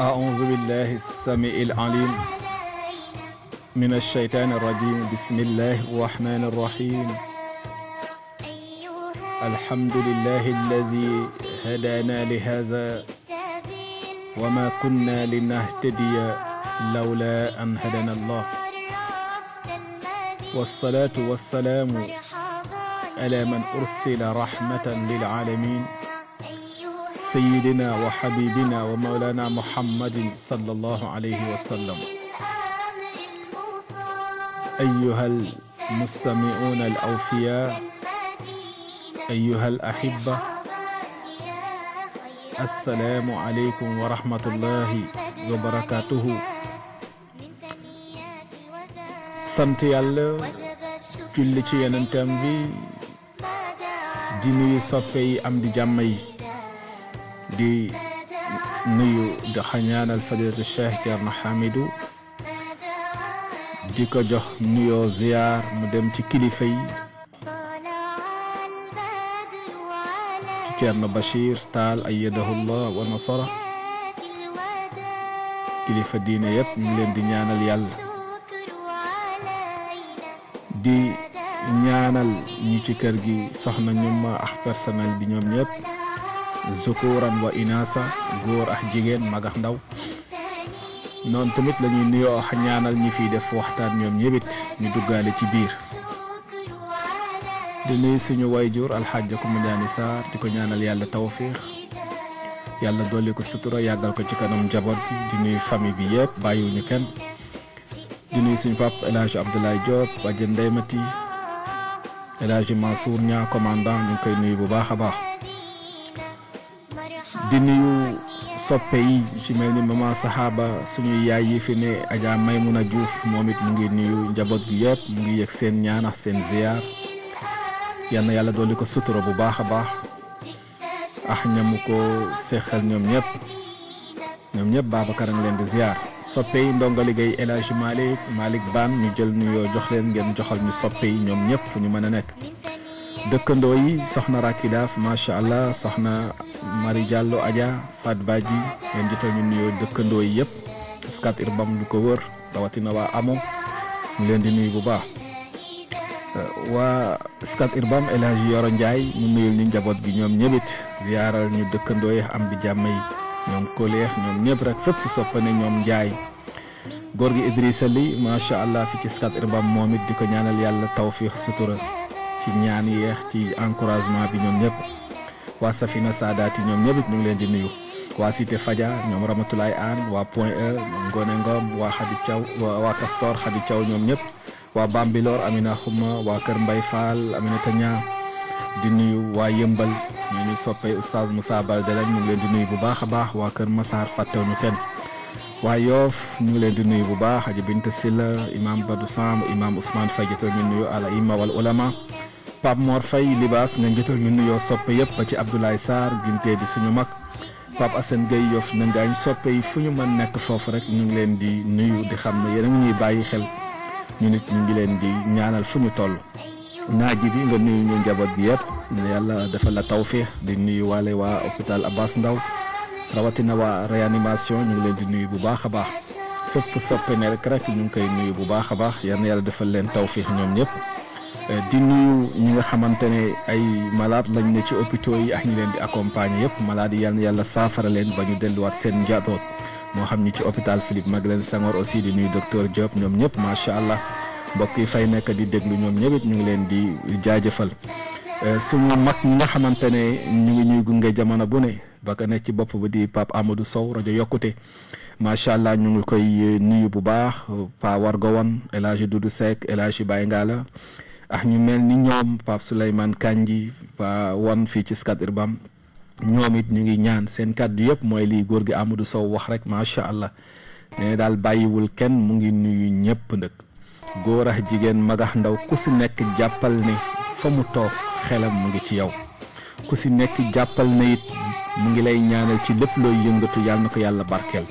أعوذ بالله السميع العليم من الشيطان الرجيم بسم الله الرحمن الرحيم الحمد لله الذي هدانا لهذا وما كنا لنهتدي لولا أن هدانا الله والصلاة والسلام على من أرسل رحمة للعالمين سيدنا وحبيبنا ومولانا محمد صلى الله عليه وسلم أيها المستمعون الأوفياء أيها الأحبة السلام عليكم ورحمة الله وبركاته سنتي الله كل شيء ننتمي bi di nuyu soppe yi am di nuyu di xañaanal fadilatu cheikh Thierno Hamidou di ko jox nuyoo ziyaar mu dem ci kilifa yi Thierno Bachir Taal ayyadahullah wa nasara kilifa diine yëpp ñu leen di ñaanal yàlla di ñaanal ñu ci kër gi soxna ñu ma ak bi ñoom ñëpp ذكورا واناثا غور اخ جيجين ماغا داو نون تاميت لا ني نيو اخ نيانال ني في ديف وقتان نيوم نيبيت ني دوغالي تي بير دي نوي سونو واي جور الحاج كوم داني سار ديكو نيانال يالا توفيق يالا دولي كو سترا ياغال كو تي كانوم جابور دي نوي فامي بي ييب بايو ني كان دي نوي سيني باب الحاج عبد الله جوب باجي ندايماتي الحاج منصور نيا كوماندان نكاي نوي بو باخا باخ di nuyu soppe yi ci mel ni maman Sahaba suñuy yaay yi fi ne mun a Diouf moom it mu ngi nuyu njaboot gi yëpp mu ngi yëg seen ñaan ak seen ziyaar yal na yàlla di ko sutura bu baax a baax ah ñamu ko seexal ñoom ñëpp ñoom ñëpp Babacar a ngi leen di ziyaar soppe yi ndongo liggéey El Hadj Malick Malick ñu jël nuyoo jox leen ngeen joxal ñu soppe yi ñoom ñëpp fu ñu mën a nekk. Dekendoi yi soxna Raki Daaf allah soxna Mari Diallo Adja Fat Badji ngeen jottal ñu nuyo dëkkandoo yi skat irbam lu ko wër na wa amo ñu leen di nuyu bu baax eh, wa skat irbam elhaji Yoro Ndiaye ñu nuyul ñu njaboot gi ñom ñebit ziaral ñu nyom yi am bi jammay ñom ko leex ñom ñëpp rek soppane ñom Idrissa allah fi ci skat irbam momit diko di ñaanal yalla tawfiq sutura ci ñaan yeex ci encouragement bi ñoom ñëpp waa Safina Saadaati ñoom ñëpp ñu ngi leen di nuyu waa Cité faja ñoom Ramatulaay Aan waa Point E Ngone Ngom waa Khady Thiaw waa Castor Khady Thiaw ñoom ñëpp waa Bambilor Amina Xuma waa Kër Mbay Fall Aminata Ñaa di nuyu waa Yëmbal ñu ñu soppee Oustaz Moussa Baldé lañ ñu ngi leen di nuyu bu baax a baax waa Kër Massar fàttewuñu kenn waa Yoof ñu ngi leen di nuyu bu baax Aji Binta Silla Imam Badou Samb Imam Ousmane Faye jotoo Pape Mor Faye libaas nga njëtal ñu nuyoo soppe yëpp ba ci Abdoulaye Sarr gintee bi suñu mag Pape Assane Gueye yof na ngaañ soppe yi fu ñu mën nekk foofu rek ñu ngi leen di nuyu di xam ne yéen a ngi bàyyi xel ñu nit ñu ngi leen di ñaanal fu ñu toll naaji bi nga nuyu ñu njaboot bi yëpp yàlla defal la tawféex di nuyu waale waa hôpital Abass ndaw rawatina waa réanimation ñu ngi leen di nuyu bu baax a baax fépp fu soppe ne rek ñu ngi koy nuyu bu baax a baax yal yàlla defal leen tawféex ñoom ñëpp Euh, di nuyu ñi nga xamante ne ay malaat lañ ne ci hôpitaux yi ak ñi leen di accompagner yëpp malade yi yàlla saafara leen ba ñu delluwaat seen njaboot moo xam ñi ci hôpital mag leen Senghor aussi di nuyu docteur Diop ñoom ñëpp macha allah mbokk yi fay nekk di déglu ñoom ñëpp ñu ngi leen di jaajëfal. Euh, suñu mag ñi nga xamante ne ñu ngi ñuy gunge jamono bu ne ba ka ne ci bopp ba di Pape Amadou Sow rajo yokkute macha allah ñu ngi koy euh, nuyu bu baax Pa Wargo Wan El Hadj Doudou Seck El Hadj Baye ah ñu mel ni ñoom Pape Souleymane Kandji waa wan fii ci Scat Urbam ñoom it ñu ngi ñaan seen kàddu yëpp mooy lii góor gi Amadou Sow wax rek macha allah ne daal bàyyiwul kenn mu ngi nuyu ñëpp ndëkk góor ak jigéen magax ndaw ku si nekk jàppal ne fa mu toog xelam mu ngi ci yow ku si nekk jàppal na it mu ngi lay ñaanal ci lépp looy yëngatu yàlla na ko yàlla barkeel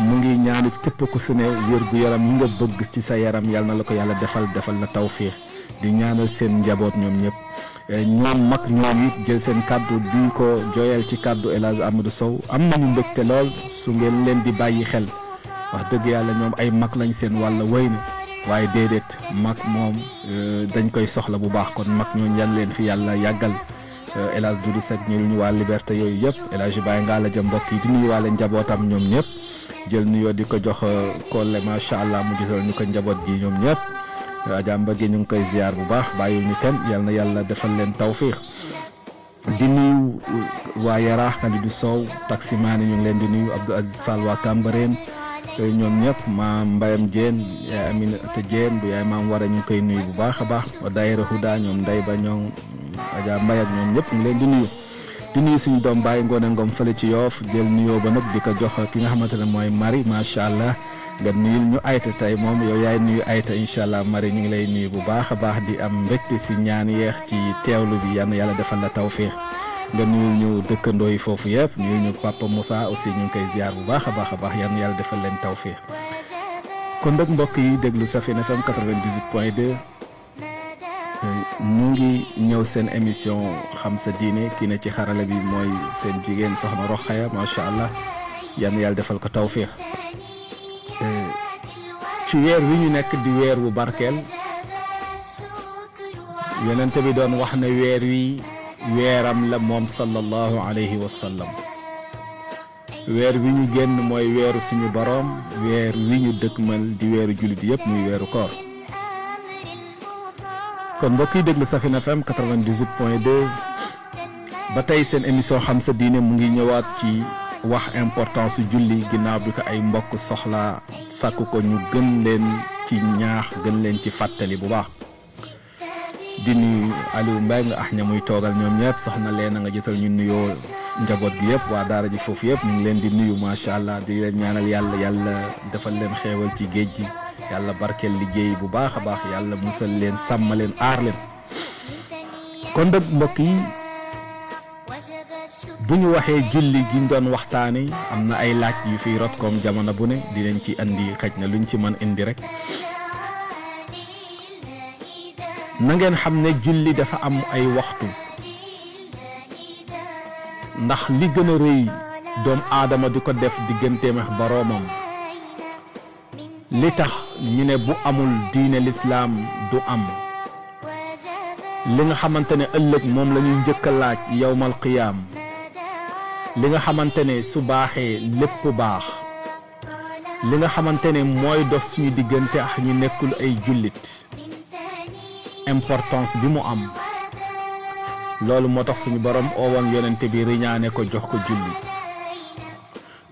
mu ngi ñaanal képp ku si ne wér gu yaram yi nga bëgg ci sa yaram yàlla na la ko yàlla defal defal na tawfiix di ñaanal seen njaboot ñoom ñëpp eh, ñoom mag ñoom it jël seen kàddu duñ ko jooyal ci kàddu El Hadj Amadou Sow am nañu mbégte lool su ngeen leen di bàyyi xel wax dëgg yàlla ñoom ay mag lañ seen wàll wéy na waaye déedéet mag moom eh, dañ koy soxla bu baax kon mag ñooñu yan leen fi yàlla yàggal eh, El Hadj Doudou Seck ñu ñu waa Liberté yooyu yëpp El Hadj Baye Ngalla ja mbokk yi di nuyu waale njabootam ñoom ñëpp jël nuyoo di ko jox kolle macha allah mu gisal ñu ko njaboot gi ñoom ñëpp. Adja Mbagge ñu ngi koy ziar bu baax bàyyi ñu kenn yal na yàlla defal leen tawfiix di nuyu uh, waa Yaraax Kandidou Sow taximaani ñu leen di nuyu Abdou Aziz Fall waa Kambareen eh, ñoom ñëpp maam Mbayam Dieng yaay Aminata maam war a koy nuyu bu baax a baax daayira Huda ñoom Ba ñoom Adja ñoom ñëpp ñu ngi leen di nuyu. di nuyu suñu doom bàyyi ngoone ngoom fële ci yoof jël nuyoo ba nag di ko jox ki nga xamante ne mooy mari macha allah. nga nuyul ñu ayta tey moom yow yaay nuyu ayta incha allah mari ñu ngi lay nuyu bu baax a baax di am mbégte si ñaan yeex ci teewlu bi yal yàlla defal la tawféex nga nuyul ñu dëkkandoo yi foofu yëpp nuyul ñu papa musa aussi ñu ngi koy ziar bu baax a baax a baax yal yàlla defal leen tawféex kon nag mbokk yi déglu Safin FM 98 point 2 euh, ñu ngi ñëw seen émission xam sa diine kii na ci xarala bi mooy seen jigéen soxna Roxaya macha allah yal yàlla defal ko tawféex. ci weer wi ñu nekk di weer wu barkeel yonent bi doon wax ne weer wi weeram la moom sallallahu alayhi wa sallam weer wi ñu génn mooy weeru suñu boroom weer wi ñu dëkkmal di weeru jullit yëpp muy weeru koor kon mbokk yi déglu Safina FM 98 point ba tey seen émission xam sa diine mu ngi ñëwaat ci wax importance julli ginaaw bi ko ay mbokk soxla sàkk ko ñu gën leen ci ñaax gën leen ci fàttali bu baax di nuyu Aliou mbay nga ax ña muy toogal ñoom ñëpp soxna leena nga jëtal ñu nuyoo njaboot gi yëpp waa daara ji foofu yëpp ñu ngi leen di nuyu macha allah di leen ñaanal yàlla yàlla defal leen xeewal ci géej gi yàlla barkel liggéey bu baax a baax yàlla musal leen sàmm leen aar leen kon nag mbokk yi buñu waxé julli gi ndon waxtani amna ay laaj yu fi rot comme jamono bu ne len ci andi xajna luñ ci man indi rek na ngeen xamne julli dafa am ay waxtu ndax li gëna reuy doom aadama diko def digënté ak boroomam li tax ñu ne bu amul diine l'islam du am li nga xamantene ne ëllëg moom la ñuy njëkk laaj yowmal qiyaam li nga xamante ne su baaxee lépp baax li nga xamante ne mooy dox suñu diggante ak ñu nekkul ay jullit importance bi mu am loolu moo tax suñu borom oowoon yonente bi riñaane ko jox ko julli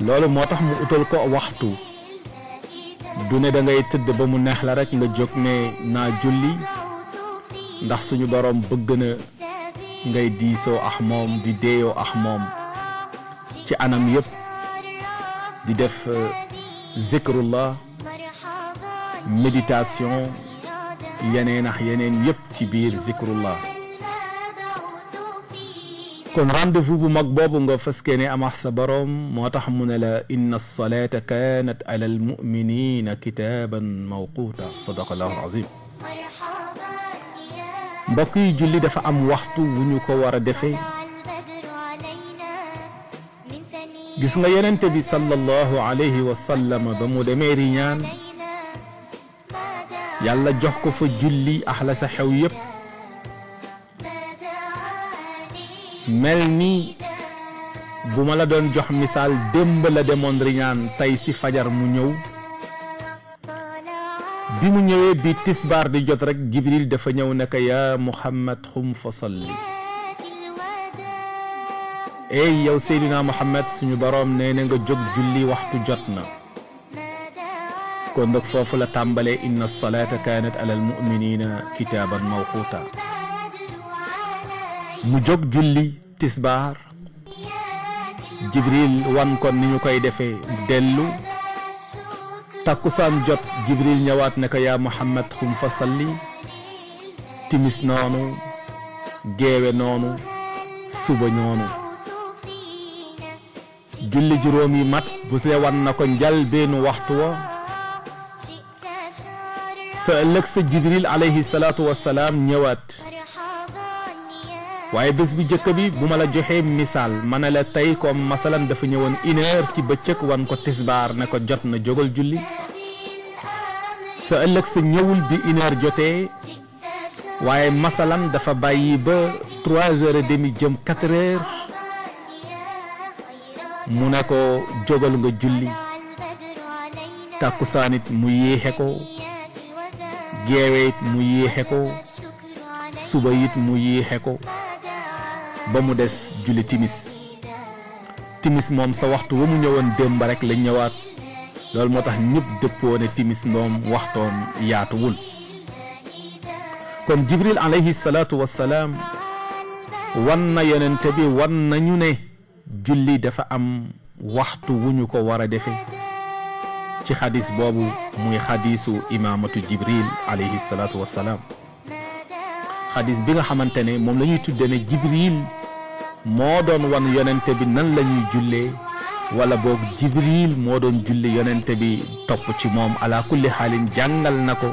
loolu moo tax mu utal ko waxtu du ne da tëdd ba mu neex la rek nga jóg ne naa julli ndax suñu borom bëgg na ngay diisoo ak moom di deeyoo ak moom ci anam yëpp di def zikrullah méditation yeneen ak yeneen yëpp ci biir zikrullah kon rendez-vous bu mag boobu nga faskee ne am sa boroom moo tax mu ne la inna salaata kaanat ala almuminina kitaaban mawquuta sadaqa allahu azim mbokk yi julli dafa am waxtu wu ñu ko war a defee gis nga yonente bi sallallahu alayhi wa sallam ba mu demee riñaan yàlla jox ko fa julli axla sa xew yépp mel ni bu ma la doon jox misaal démb la demoon riñaan tey si fajar mu ñëw bi mu ñëwee bi tisbaar di jot rek jibril dafa ñëw ne ko yaa muhammad xum fa salli اي يا سيدنا محمد سني بروم نينغا جوج جولي وقت جاتنا كون دوك فوفو لا تامبالي ان الصلاه كانت على المؤمنين كتابا موقوتا مو جوج جولي تسبار جبريل وان كون ني نكاي ديفي دلو تاكوسان جوت جبريل نيوات نكا يا محمد قم فصلي تيمس نونو جيوي نونو سوبا نونو julli juróom yi mat bu see wan na ko njalbeenu waxtu wa sa ëllëg sa jibril alayhi salaatu wassalaam ñëwaat waaye bés bi jëkk bi bu ma la joxee misaal ma ne la tey comme masalan dafa ñëwoon une heure ci bëccëg wan ko tisbaar na ko jot na jógal julli sa ëllëg sa ñëwul bi une heure jotee masalan dafa bàyyi ba trois heures et demi jëm quatre mu ne ko jógal nga julli tàkkusaanit mu yéexe ko geewe it mu yéexe ko suba it mu yéexe ko ba mu des julli timis timis moom sa waxtu wa mu ñëwoon démb rek la ñëwaat loolu moo tax ñëpp dëppoo ne timis moom waxtoom yaatuwul kon jibril alayhi salaatu wassalaam wan na yonente bi wan nañu ne julli dafa am waxtu wu ñu ko war a defe ci xadis boobu muy xadisu imaamatu jibril alayhi salaatu wassalaam xadis bi nga xamante ne moom lañuy ñuy tudde ne jibril moo doon wan yonente bi nan lañuy ñuy jullee wala boog moo doon julli yonente bi topp ci moom ala kulli xaalin jàngal na ko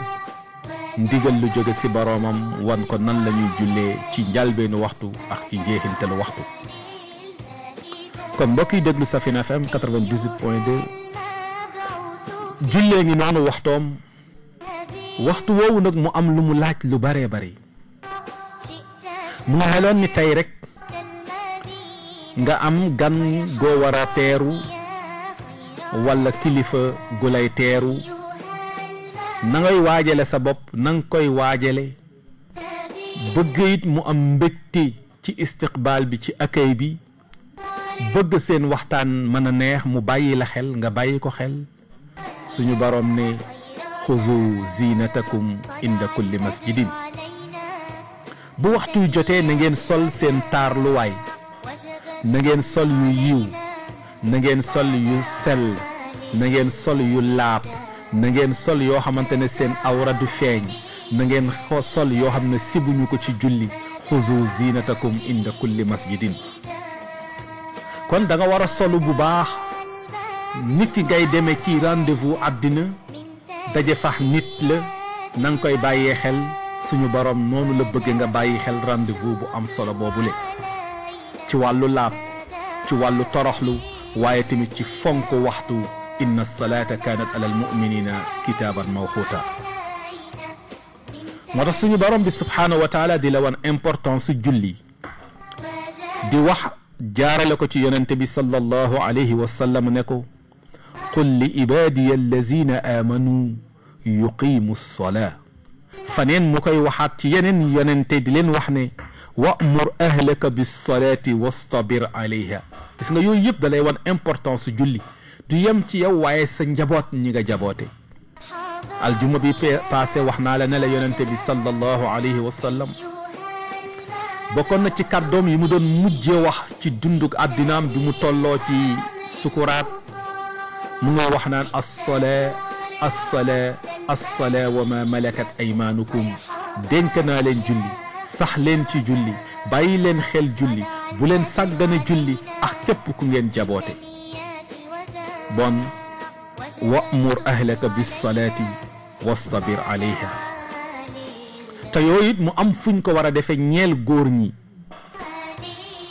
ndigal lu jóge ci boroomam wan ko nan la ñuy jullee ci njalbeenu waxtu ak ci njeexintalu waxtu comme mbokk yi déglu Safina FM 98 point 2 jullee ngi noonu waxtoom waxtu woowu nag mu am lu mu laaj lu bëree bëri mu xeloon ni tey rek nga am gan goo war a teeru wala kilifa gu lay teeru na ngay waajale sa bopp nanga koy waajale bëgg it mu am mbégte ci istiqbaal bi ci accueil bi bëgg seen waxtaan mën a neex mu bàyyi la xel nga bàyyi ko xel suñu boroom ne xuzu zinatakum inda kulli masjidin bu waxtu jotee na ngeen sol seen taarluwaay na ngeen sol yu yiw na ngeen sol yu sel na ngeen sol yu laab na ngeen sol yoo xamante ne seen awra du feeñ na ngeen sol yoo xam ne sibuñu ko ci julli xuzu zinatakum inda kulli masjidin kon da nga wara solo bu baax nit ki ngay deme ci rendez-vous adina daje fax nit la nang koy bayé xel suñu borom nonu la bëgg nga bàyyi xel rendez-vous bu am solo bobu le ci walu laab ci walu toroxlu waye timit ci fonk waxtu inna salaata kaanat alal muminina kitaban mawquta moo tax suñu borom bi subhaanahu wa taala di la wan importance julli di wax جارلكو تي يننتبي صلى الله عليه وسلم نكو قل لعبادي الذين امنوا يقيموا الصلاه فنين مكاي وحات ينن يننتي دلين وحني وامر اهلك بالصلاه واصطبر عليها اسنا يو ييب دالاي وان امبورطانس جولي دو يم تي يو واي سن جابوت نيغا جابوتي الجمعه بي باسي وحنا لنا لا يننتي صلى الله عليه وسلم bokkoon na ci kàddoom yi mu doon mujjee wax ci dunduk àddinaam bi mu tolloo ci sukuraat mu nga wax naan assole assole assole wa ma malakat aymaanukum dénk naa leen julli sax leen ci julli bàyyi leen xel julli bu leen sàggana julli ak képp ku ngeen jaboote bon wa'mur ahlaka bis salaati wastabir alayha te yooyu it mu am fuñ ko war a defe ñeel góor ñi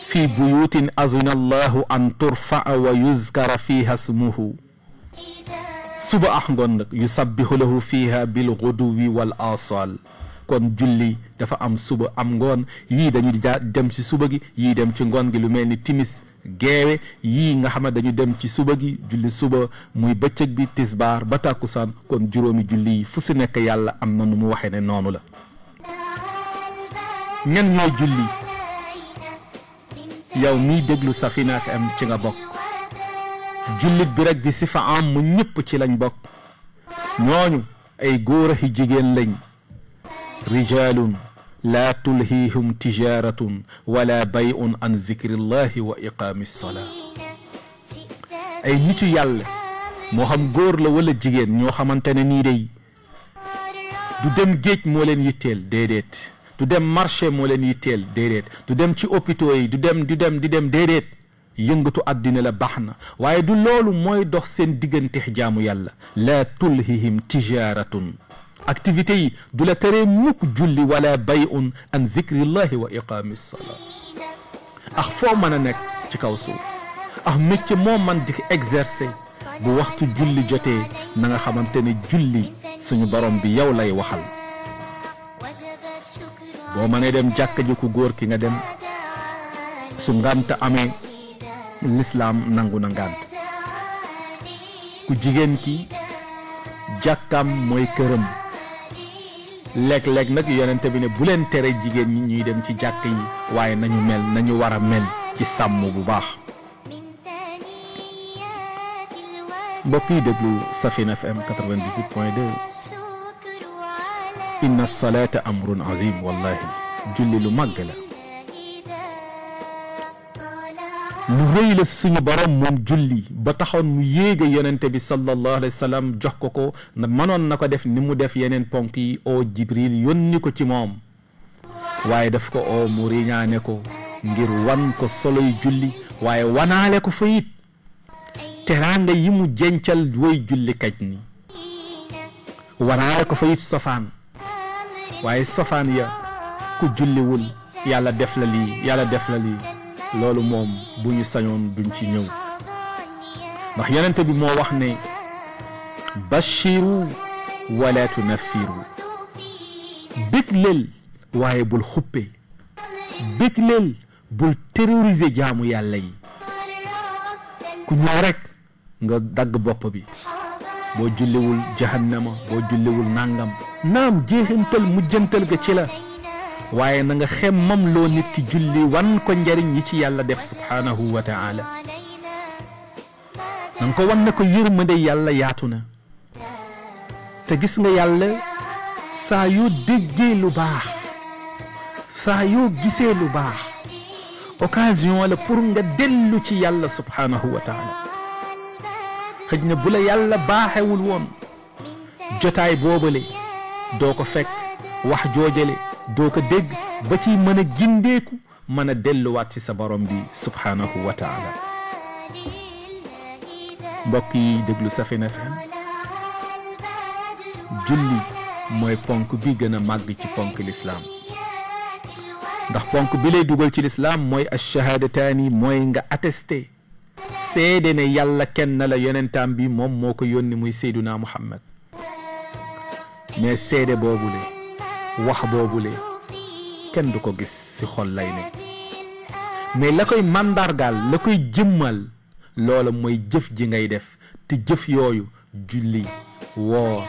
fi buyutin azina allahu an turfaa wa yuzkara fiha smuhu suba ax ngoon nag yusabbihu lahu fiha bil guduwi wal asal kon julli dafa am suba am ngoon yii dañu jaa dem ci suba gi yii dem ci ngoon gi lu mel ni timis geewe yii nga xam dañu dem ci suba gi julli suba muy bëccëg bi tisbaar ba tàkkusaan kon juróomi julli yi fu si nekk yàlla am na nu mu waxee ne noonu la ñan ñooy julli yow miy déglu Safina am ci nga bokk jullit bi rek bi si am mu ñëpp ci lañ bokk ñooñu ay góor axi jigéen lañ rijalun laa tulhiihum tijaratun wala bayun an zikrillahi wa iqaami salaa ay nitu yàlla moo xam góor la wala jigéen ñoo xamante ne nii day du dem géej moo leen yitteel déedéet du dem marché moo leen yitteel dedet du dem ci hôpitaux yi du dem du dem di dem dedet yëngatu adina la baax waye du lolou moy dox sen digeunte jaamu yàlla la tulhihim tijaratun activité yi du la tere mukk julli wala bayun an allah wa iqamis salat ah fo mana a ci kaw souf ah metti mo man di exercer bu waxtu julli jotee na nga xamantene julli suñu borom bi yow lay waxal boo mënee dem jakk ji ku gor ki nga dem su ngànt amé l'islam nangu na ngant ku jigen ki jàkkaam moy kërëm lek lek nak yonenté bi né bu len téré jigen ñi ñuy dem ci jakk yi waaye nañu mel nañu wara mel ci sàmm bu baax mbokk yi déglu Safin FM 98.2 inna salaata amrun azim wallahi julli lu màgg la lu rëy la suñu borom moom julli ba taxoon mu yéega yenente bi sallallahu alayhi wa jox ko ko mënoon na ko def ni mu def yeneen ponk yi oo jibril yónni ko ci moom waaye def ko oo mu riñaane ko ngir wan ko soloy julli waaye wanaale ko fa it teraanga yi mu jencal woy julli kaj ni wanaale ko fa it sofaan waaye sofaan ya ku julliwul yàlla def la lii yàlla def la lii loolu moom bu ñu sañoon duñ ci ñëw ndax yonent bi moo wax ne bashiru wala tunaffiru bég leel waaye bul xuppe bég leel bul terroriser jaamu yàlla yi ku ñëw rekk nga dagg bopp bi boo julliwul jahannama boo julliwul nangam naam jeexintal mujjantal ga ci la waaye nanga nga xemmam loo nit ki julli wan ko njariñ yi ci yàlla def subhaanahu wa ta'ala na ko wan na ko yërmande yàlla yaatu na te gis nga yàlla saa yoo déggee lu baax saa yoo gisee lu baax occasion la pour nga dellu ci yàlla subhaanahu wa ta'ala xëj na bu la yàlla baaxewul woon jotaay boobale doo ko fekk wax joojale doo ko dégg ba ci mën a gindeeku mën a delluwaat ci sa borom bi subhaanahu wa taala mbokk yi déglu Safina FM julli mooy ponk bi gën a màgg ci ponk lislaam ndax ponk bi lay dugal ci lislaam mooy ash-shahadataani mooy nga attesté seede ne yàlla kenn la yonentaam bi moom moo ko yónni muy Seyduna Muhammad mais seede boobule wax boobule kenn du ko gis ci xol lay ne mais la koy màndargaal la koy jëmmal loola mooy jëf ji ngay def te jëf yooyu julli و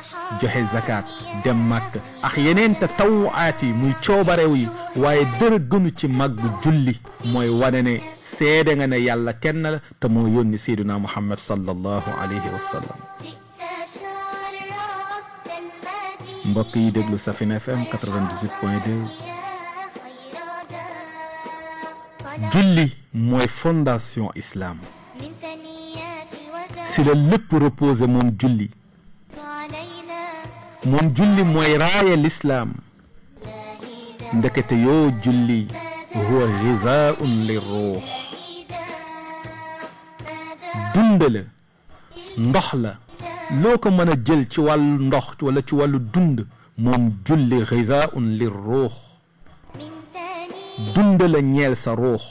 جهي زكاة دمك أخيانين تتوو آتي مي چوباري وي واي در گمي چي جولي موي وانني سيدنغن يالا كن تمو يوني سيدنا محمد صلى الله عليه وسلم مبقي دقلو سفين اف ام 92.2 جولي موي فونداسيون اسلام سيلا لبروبوز روپوز مون جولي mom julli moy raaya l'islam ndekete yo julli huwa ghizaaun lirruh ruux dund la ndox la loo jël ci walu ndox wala ci walu dund mom julli ghizaaun lirruh ruux ñeel sa ruh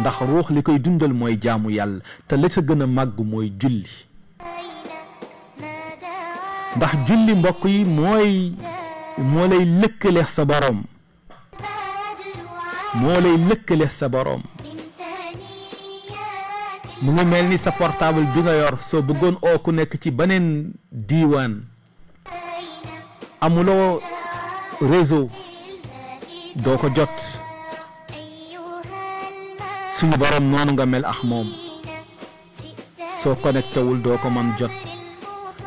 ndax ruh likoy dundal moy jaamu yàlla te la ci gëna mag moy julli ndax julli mbokk yi mooy moo lay lëkkaleex sa borom moo lay lëkkaleex sa borom mu ngi mel ni sa portable bi nga yor soo bëggoon oo ku nekk ci beneen diiwaan amuloo réseau doo ko jot suñu borom noonu nga mel ak moom soo connecté wul doo ko mën jot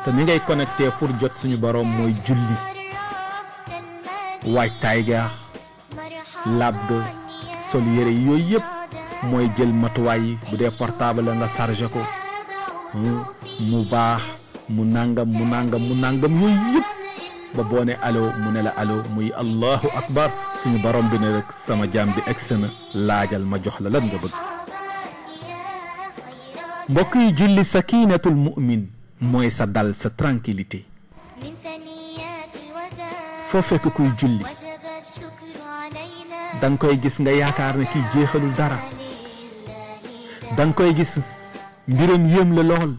te ni ngay connecté pour jot suñu boroom mooy julli waajtaay ga laab ga sol yére yooyu yëpp mooy jël matuwaay yi bu dee portable nga chargé ko mu baax mu nangam mu nangam mu nàngam yooyu yëpp ba boo ne mu ne la allo muy allahu akbar suñu borom bi ne rek sama jaam bi egg na laajal ma jox la lan nga bëgg mbokk yi julli sakinatul mu'min mooy sa dal sa tranquillité foo fekk kuy julli da koy gis nga yaakaar ne kii jeexalul dara danga koy gis mbiram yéem la lool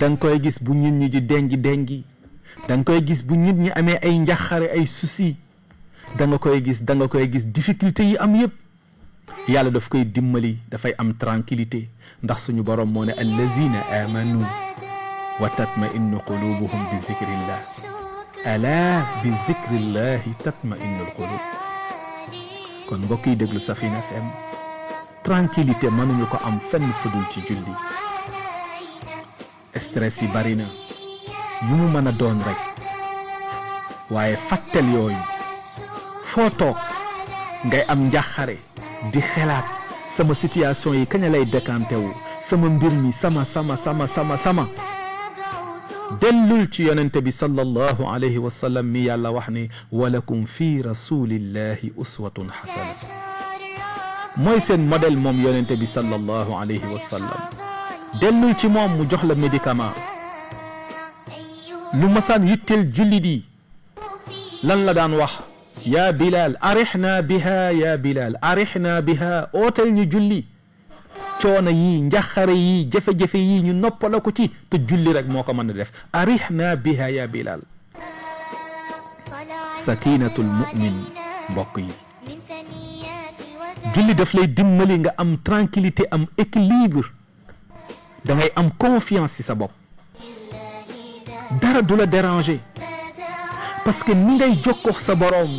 danga koy gis bu nit ñi di dengi déngi danga koy gis bu nit ñi amee ay njaxare ay souci da koy gis danga koy gis difficulté yi am yëpp yàlla daf koy dimmali dafay am tranquillité ndax suñu borom moo ne allazina amanu وتطمئن قلوبهم بذكر الله الا بذكر الله تطمئن القلوب كون بوكي دغلو سفينة فم ترانكيليتي مانو نيوكو ام فن فدول تي جولي استرسي بارينا يومو مانا دون رك واي فاتل يوي فوتو غاي ام جاخاري دي خلات سما سيتياسيون يي كاني لاي ديكانتيو سما مبير سما سما سما سما, سما. dellul ci yonente bi sallallahu alayhi wa sallam mi yàlla wax ne walakum fi rasulillahi uswatun xasanatu mooy seen modèle moom yonente bi sallallahu alayhi wa dellul ci moom mu jox la médicament lu masaan yitteel jullit yi lan la daan wax yaa bilal arix biha yaa bilal arix naa biha ootal ñu julli coono yi njaxare yi jafe-jafe yi ñu noppaloo ko ci te julli rek moo ko mën a def arihna biha ya bilal sakinatul mumin mbokk yi julli daf lay dimbali nga am tranquillité am équilibre da ngay am confiance ci sa bopp dara du la déranger parce que ni ngay jokkoo sa borom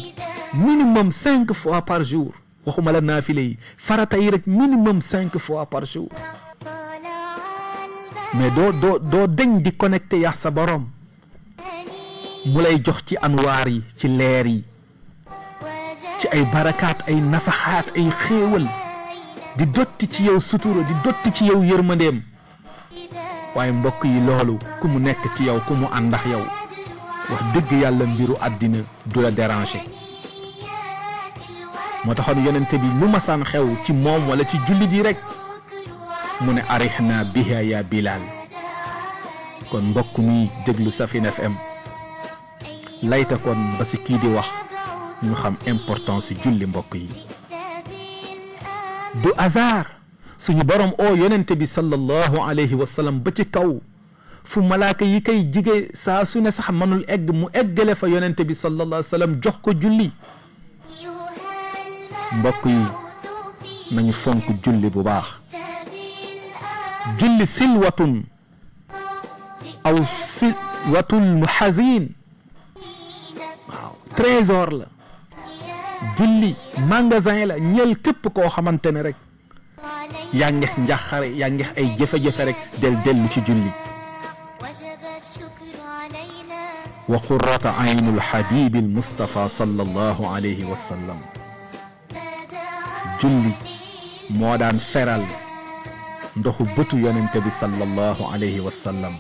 minimum 5 fois par jour waxuma la naafile yi farata yi rek minimum cinq fois par jour mais doo doo doo deñ di connecté yaa sa borom mu lay jox ci anwaar yi ci leer yi ci ay barakaat ay nafaxaat ay xéewal di dotti ci yow sutura di dotti ci yow yërmandeem waaye mbokk yi loolu ku mu nekk ci yow ku mu àndax yow wax dëgg yàlla mbiru àddina du la déranger motaxone yonente bi luma san xew ci mom wala ci julli di rek mune arihna biha ya bilal kon mbok mi déglu Safin FM layta kon ba ci ki di wax ñu xam importance julli mbok yi du azar suñu borom o yonente bi sallallahu alayhi wa sallam ba ci kaw fu malaaka yi kay jige sa su sax manul egg mu eggale fa yonente bi sallallahu alayhi wa sallam jox ko julli mbokk yi nañu fonk julli bu baax julli silwatun aw silwatul muhazin trésor la julli magasin la ñel képp koo xamantene rek yaa ngex njaxare yaa ngex ay jëfe jëfe rek del dellu ci julli وقرة عين الحبيب المصطفى صلى الله عليه وسلم julli moo feral ndoxu bëtu yonente bi sallallahu alayhi wa sallam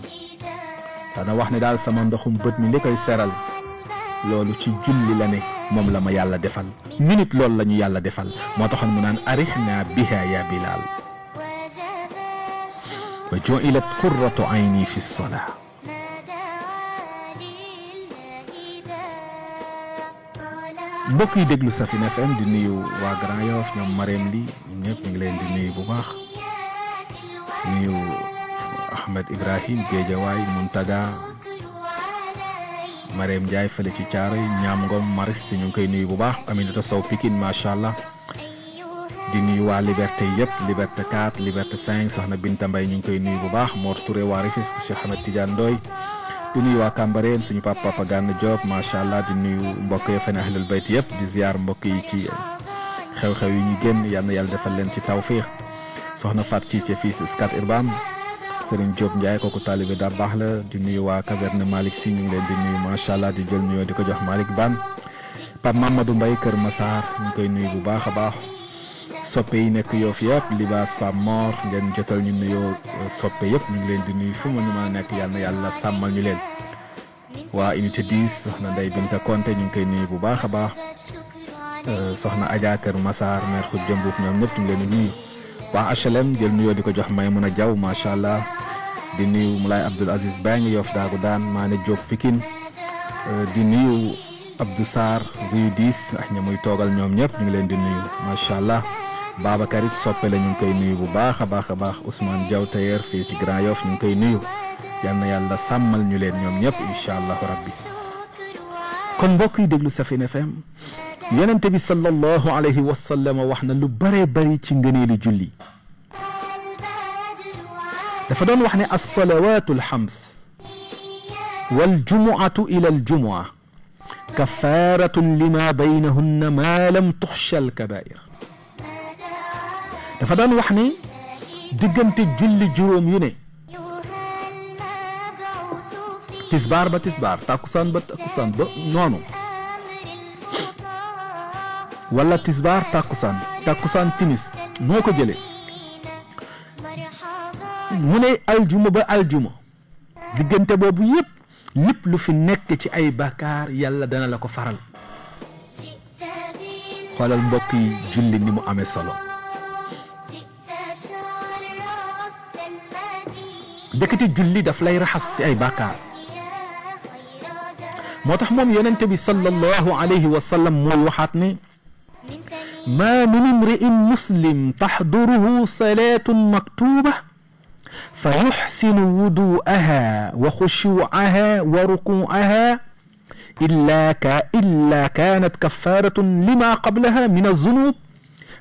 dana wax ne daal sama ndoxum bët mi li koy seral loolu ci julli la ne moom la ma yàlla defal minute loolu la ñu yàlla defal moo taxoon mu naan arixna biha ya bilal wa juilat qurratu ayni fi lsolaa mbokk yi déglu Safin FM di nuyu waa Grand Yoff ñoom Marème li ñëpp ñu ngi leen di nuyu bu baax nuyu Ahmed Ibrahim Géejawaay Muntaga Marème njaay fële ci Thiaroy ñaam Ngom Mariste ñu ngi koy nuyu bu baax Aminata Sow Pikine macha allah di nuyu waa Liberté yëpp Liberté 4 Liberté 5 soxna Binta Mbaye ñu ngi koy nuyu bu baax Mor Touré waa Rufisque Cheikh Ahmed Tidiane Ndoye di nuyu waa Cambérène suñu papa papa Gana Diop macha allah di nuyu mbokk yi fane bayt yëpp di ziar mbokk yi ci xew-xew yi ñu génn yal yàlla defal leen ci tawfiix soxna Fat Cissé fii si Scat Urbam Serigne Diop Ndiaye kooku taalibe daa baax la di nuyu waa caverne Malick si ñu ngi leen di nuyu macha allah di jël nuyoo di ko jox Malick Ban Pape Mamadou Mbaye Kër Massar ñu koy nuyu bu baax a baax. soppe yi nekk yoof yëpp libaas Pape Mor ngeen jotal ñu nuyoo euh, soppe yëpp ñu ngi leen di nuyu fu mu ñu mën nekk yal yàlla sàmmal ñu leen waa unité 10 soxna Ndeye Binta Konte ñu ngi koy nuyu bu baax a baax euh, soxna Adja Kër Massar mère Khoudia ñoom ñëpp ñu leen di nuyu waa HLM jël di ko jox Maimouna Diaw macha allah di nuyu Moulay Abdoul Aziz baa ngi yoof daagu daan maa ne di nuyu Abdou Sarr Guy Diis ak muy toogal ñoom ñëpp ñu ngi leen di macha allah. Babacar soppe la ñu ngi koy nuyu bu baax a baax a baax Ousmane Diaw Tailleur fii ci Grand Yoff ñu ngi koy nuyu yal na yàlla sàmmal ñu leen ñoom ñëpp incha allahu rabbi kon mbokk yi déglu Safin FM yonent bi sallallahu alayhi wa sallam wax na lu bëree bëri ci ngëneelu julli dafa doon wax ne alsalawatu alxams waljumuatu ila aljumua kafaratun lima baynahunna ma lam tuxsha alkabair dafa daan wax ni diggante julli juróom yu ne tisbaar ba tisbaar takkusaan ba takkusaan ba noonu wala tisbaar takkusaan takkusaan timis noo ko jëlee mu ne aljuma ba aljuma diggante boobu yëpp lépp lu fi nekk ci ay bàkkaar yàlla dana la ko faral xoolal mbokk yi julli ni mu amee solo ndekete julli daf lay raxas si ay bàkkaar motax mom yenente bi sallallahu alayhi wa sallam moy waxaat ne ما من امرئ مسلم تحضره صلاة مكتوبة فيحسن وضوءها وخشوعها وركوعها إلا, كا إلا كانت كفارة لما قبلها من الذنوب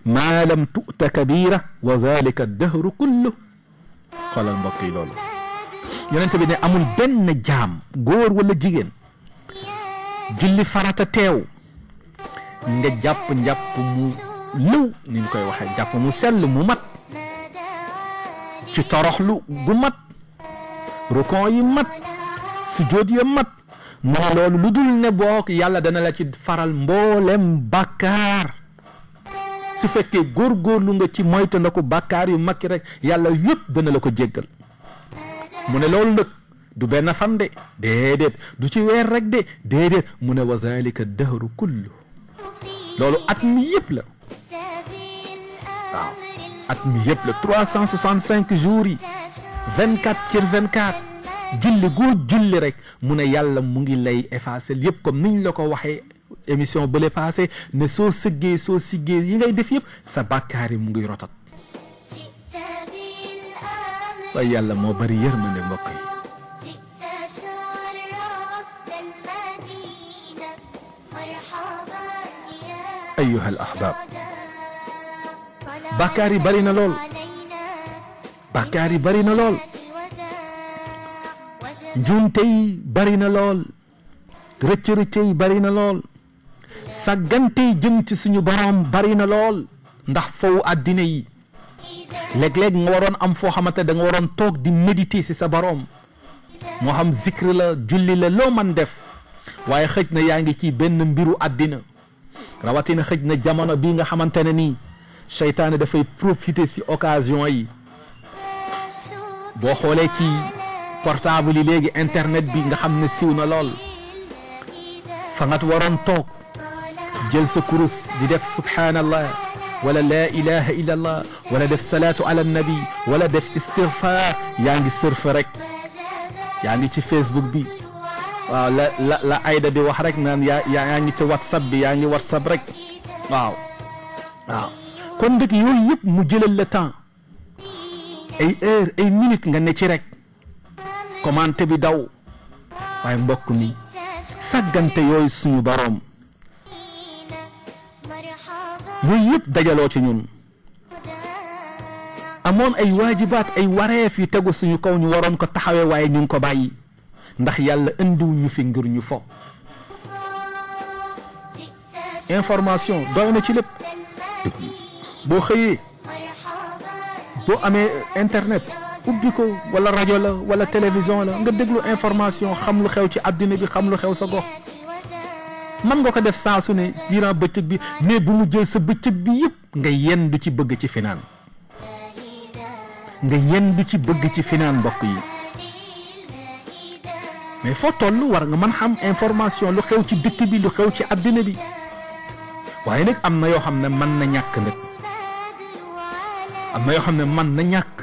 ما لم تؤت كبيرة وذلك الدهر كله xoolal mbokk yi loolu yonent bi ne amul benn jaam góor wala jigéen julli farata teew nga jàpp njàpp mu lëw ni ñu koy waxee jàpp mu sell mu mat ci toroxlu gu mat rukon yi mat sujjóot ya mat moo loolu lu dul ne boo yàlla dana la ci faral mboolem bàkkaar su fekkee lu nga ci moytandiku bàkkaar yu mag yi rek yàlla yëpp dana la ko jéggal mu ne loolu nag du benn fan de déedéet du ci weer rek de déedéet mu ne wa zalika dahru kullu loolu at mi yëpp la mi yëpp la trois cent soixante cinq jours yi vingt quatre sur vingt quatre julli goo julli rek mu ne yàlla mu ngi lay effacer yëpp comme niñ la ko waxee émission bële passé ne so sëggee so siggee yi ngay def yëpp sa bakari mu ngi rotat waaye yàlla mo bari yërmande mbokk yi أيها الأحباب بكاري برينا لول بكاري برينا لول جونتي برينا لول رتشي رتشي برينا لول sàggante jëm ci suñu boroom bari na lool ndax faw àddina yi léeg-léeg nga waroon am foo xamante da nga waroon toog di méditer ci sa boroom moo xam zikr la julli la loo man def waaye xëj na yaa ngi ci benn mbiru àddina rawatina xëj na jamono bii nga xamante ne nii seytaane dafay profiter ci occasion yi boo xoolee ci portable yi léegi internet bi nga xam ne siw na lool fa nga waroon toog جلس كروس دي سبحان الله ولا لا إله إلا الله ولا دف صلاة على النبي ولا دف استغفار يعني صرف يعني في فيسبوك بي آه لا لا لا عيدة دي وحرك من نعم، يعني تي واتساب بي يعني واتساب رك واو واو كون ديك يوي مجل اللتان اي اير اي مينيت نغا نتي رك كومانتي بي داو واي مبوكني سغانتي يوي سونو yooyu yëpp dajaloo ci ñun amoon ay waajibaat ay wareef yu tegu suñu kaw ñu waroon ko taxawee waaye ñu ngi ko bàyyi ndax yàlla indiw ñu fi ngir ñu fo information doy na ci lépp boo xëyee boo amee internet ubbi ko wala rajo la wala télévision la nga déglu information xam lu xew ci àddina bi xam lu xew sa gox man nga ko def saa su ne diira bëccëg bi mais bu mu jël sa bëccëg bi yëpp nga yendu ci bëgg ci finaan nga yendu ci bëgg ci finaan mbokk yi mais foo toll war nga man xam information lu xew ci dëkk bi lu xew ci àddina bi waaye nag am na yoo xam ne mën na ñàkk nag am na yoo xam ne mën na ñàkk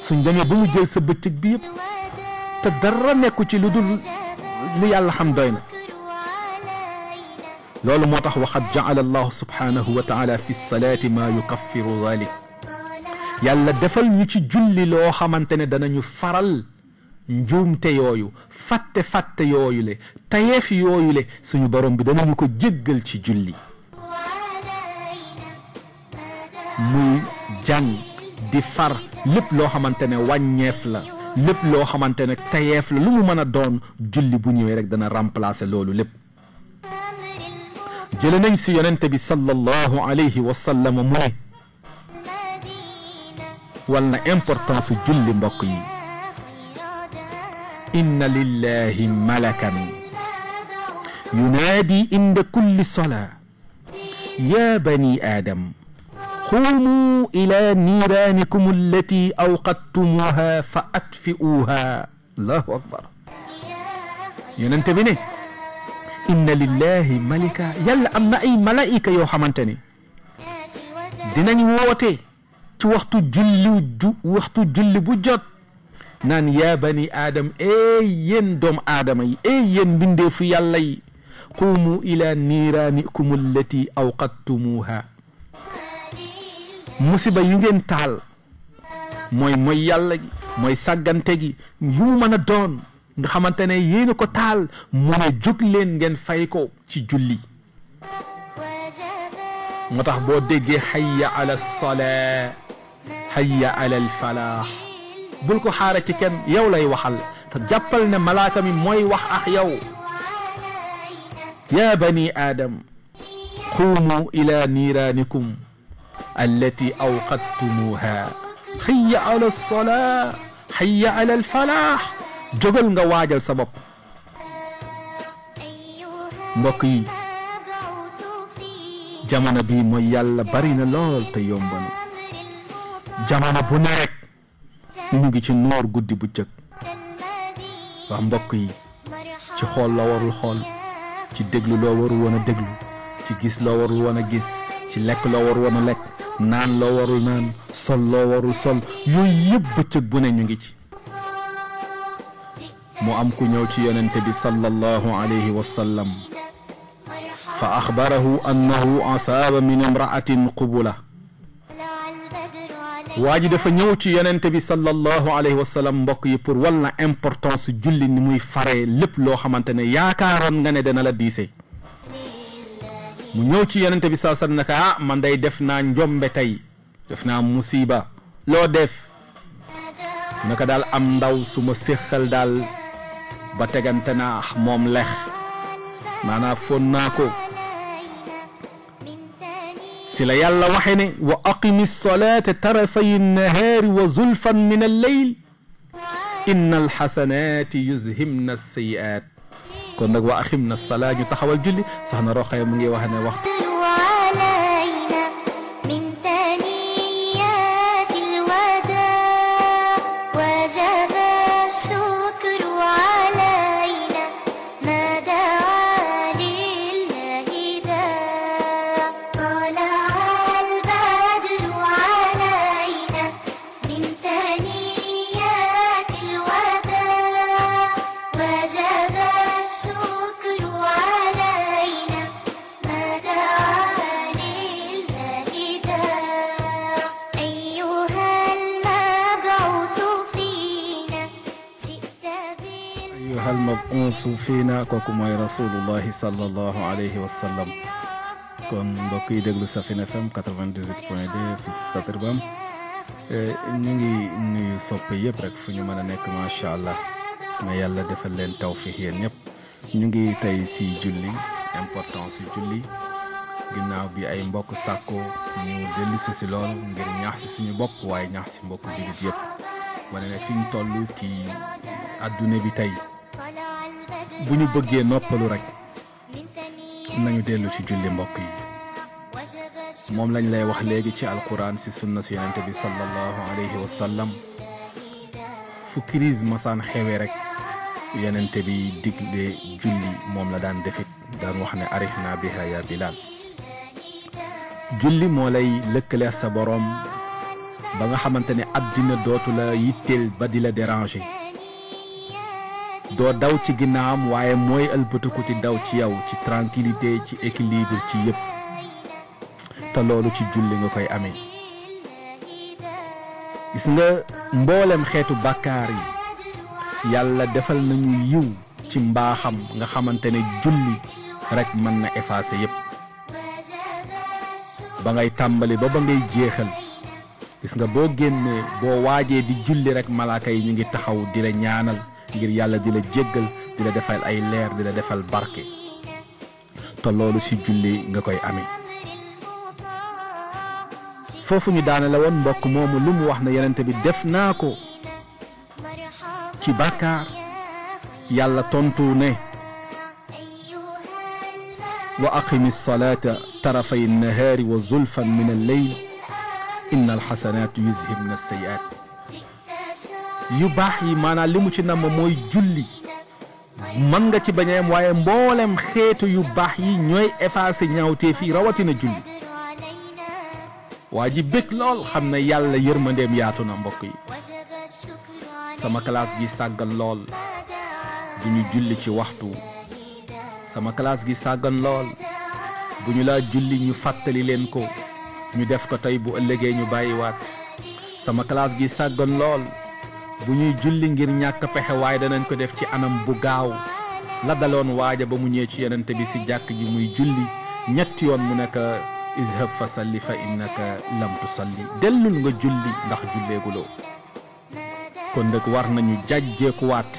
suñ demee ba mu jël sa bëccëg bi yëpp te dara nekku ci lu dul li yàlla xam doy na لول موتاخ وخد جعل الله سبحانه وتعالى في الصلاة ما يكفر ذلك يالا دفل نيشي جولي لو خامنتنا دانا نيو فرال نجوم تيويو فت فت يويو لي تيف يويو لي سنو بروم بدانا نيو كو جيجل چي جولي مي جان دي فر لب لو خامنتنا وانيف لا لب لو خامنتنا تيف لا لومو مانا دون جولي بو نيو يرك دانا رامبلاسي لولو لب جلنين سيننت بي صلى الله عليه وسلم موي ولنا امبورتانس جل بقي ان لله ملكا ينادي عند كل صلاه يا بني ادم قوموا الى نيرانكم التي اوقدتموها فاطفئوها الله اكبر ينتبهني inna lillahi malika yàlla am na ay malaayika yoo xamante ni dinañ woote ci waxtu julli bu jot nan yaa bani aadam ee doom aadama yi ee yéen mbindeefu yàlla yi quumu ila niiraanikum allati musiba yi taal mooy mooy yàlla gi mooy yu mu doon nga xamante yéen ko taal mu ne jóg leen ngeen fay ko ci julli motax bo boo hayya ala salah hayya ala al falah bul ko xara ci ken yow lay waxal ta jàppal ne malaaka mi moy wax ak yow ya bani adam qumu ila niiraanikum التي أوقدتموها حي على الصلاة حي على الفلاح jógal nga waajal sa bopp mbokk yi jamono bii mooy yàlla bari na lool te yombanu jamono bu ne rek ñu ngi ci noor guddi bu jëkk waa mbokk yi ci xool loo warul xool ci déglu loo warul woon a déglu ci gis loo warul woon a gis ci lekk loo warul woon lekk naan loo warul naan sol loo warul sol yooyu yëpp bëccëg bu ne ñu ngi ci mu am ku ñëw ci yonente bi sallallahu alayhi wa sallam fa akhbarahu annahu asaba min imraatin qubula waji dafa ñëw ci yonente bi sallallahu alayhi wa sallam mbokk yi pour walna importance julli ni muy faré lépp lo xamantene yaakaaron nga ne dana la diise mu ñëw ci yonente bi wa sallam naka man day def na njombe tay def na musiba lo def naka dal am ndaw suma sekhal dal ba tegante naa ax moom lex maanaam fon naa ko si la yàlla waxe ne wa aqimi lsolata tarafayi nnahaari wa zulfan min alleyl inna alxasanati yuzhimna alsayi'at kon nag wa aqim na salaa ñu taxawal julli soxna Roxaya mu ngi wax ne waxtu suufiina kooku mooy rasulullahi sallallahu alayhi wa sallam kon mbokk yi déglu Safin FM 98 point 2 fii ci Scat Urbam eh, ñu ngi nuyu soppe yëpp rek fu ñu mën a nekk macha allah mais yàlla defal leen tawfiix yen ñëpp ñu ngi tey si julli importance si julli ginnaaw bi ay mbokk sàkko ñu dellu si si lool ngir ñaax si suñu bopp waaye ñax si mbokk jullit yëpp wane ne fi ñu toll ci adduna bi tey bu ñu bëggee noppalu rek nañu dellu ci julli mbokk yi moom lañ lay wax léegi ci alquran si sunna su yonente bi sallallahu alayhi wa sallam fu crise masaan xewee rek yonente bi digle julli moom la daan defit daan wax ne arihna biha ya bilal julli moo lay lëkkale sa boroom ba nga xamante ne àddina dootu la yitteel ba di la déranger doo daw ci ginnaawam waaye mooy ëlbatiku ci daw ci yow ci tranquillité ci équilibre ci yëpp te loolu ci julli nga koy amee gis nga mboolem xeetu bàkkaar yi yàlla defal nañu yiw ci mbaaxam nga xamante ne julli rekk mën na effacer yëpp ba ngay tàmbali ba ba ngay jeexal gis nga boo génnee boo waajee di julli rekk malaaka yi ñu ngi taxaw di la ñaanal ngir yàlla di la jéggal di defal ay leer di defal barke te loolu ci julli nga koy amee foofu ñu daane la woon mbokk moomu lu mu wax na yenente bi def naa ko ci bàkkaar yàlla tontu ne wa aqimi salaata tarafay nahaari wa zulfan min al leyl inna alxasanaatu yuzhibna alsayi'aat yu baax yi maanaam limu mu ci namm mooy julli mën nga ci bañ a waaye mboolem xeetu yu baax yi ñooy effacé ñaawtee fii rawatina julli waa ji bég lool xam ne yàlla yërmandeem yaatu na mbokk yi sama classe gi sàggan lool ñu julli ci waxtu sama classe gi sàggan lool bu ñu laa julli ñu fàttali leen ko ñu def ko tey bu ëllëgee ñu bàyyiwaat sama classe gi sàggan lool bu ñuy julli ngir ñàkk pexe waaye danañ ko def ci anam bu gaaw la daloon waaja ba mu ñëwee ci yonente bi ci jàkk ji muy julli ñetti yoon mu nekk izhab fa salli fa innaka lam tusalli dellul nga julli ndax julleeguloo kon nag war nañu jàjjeekuwaat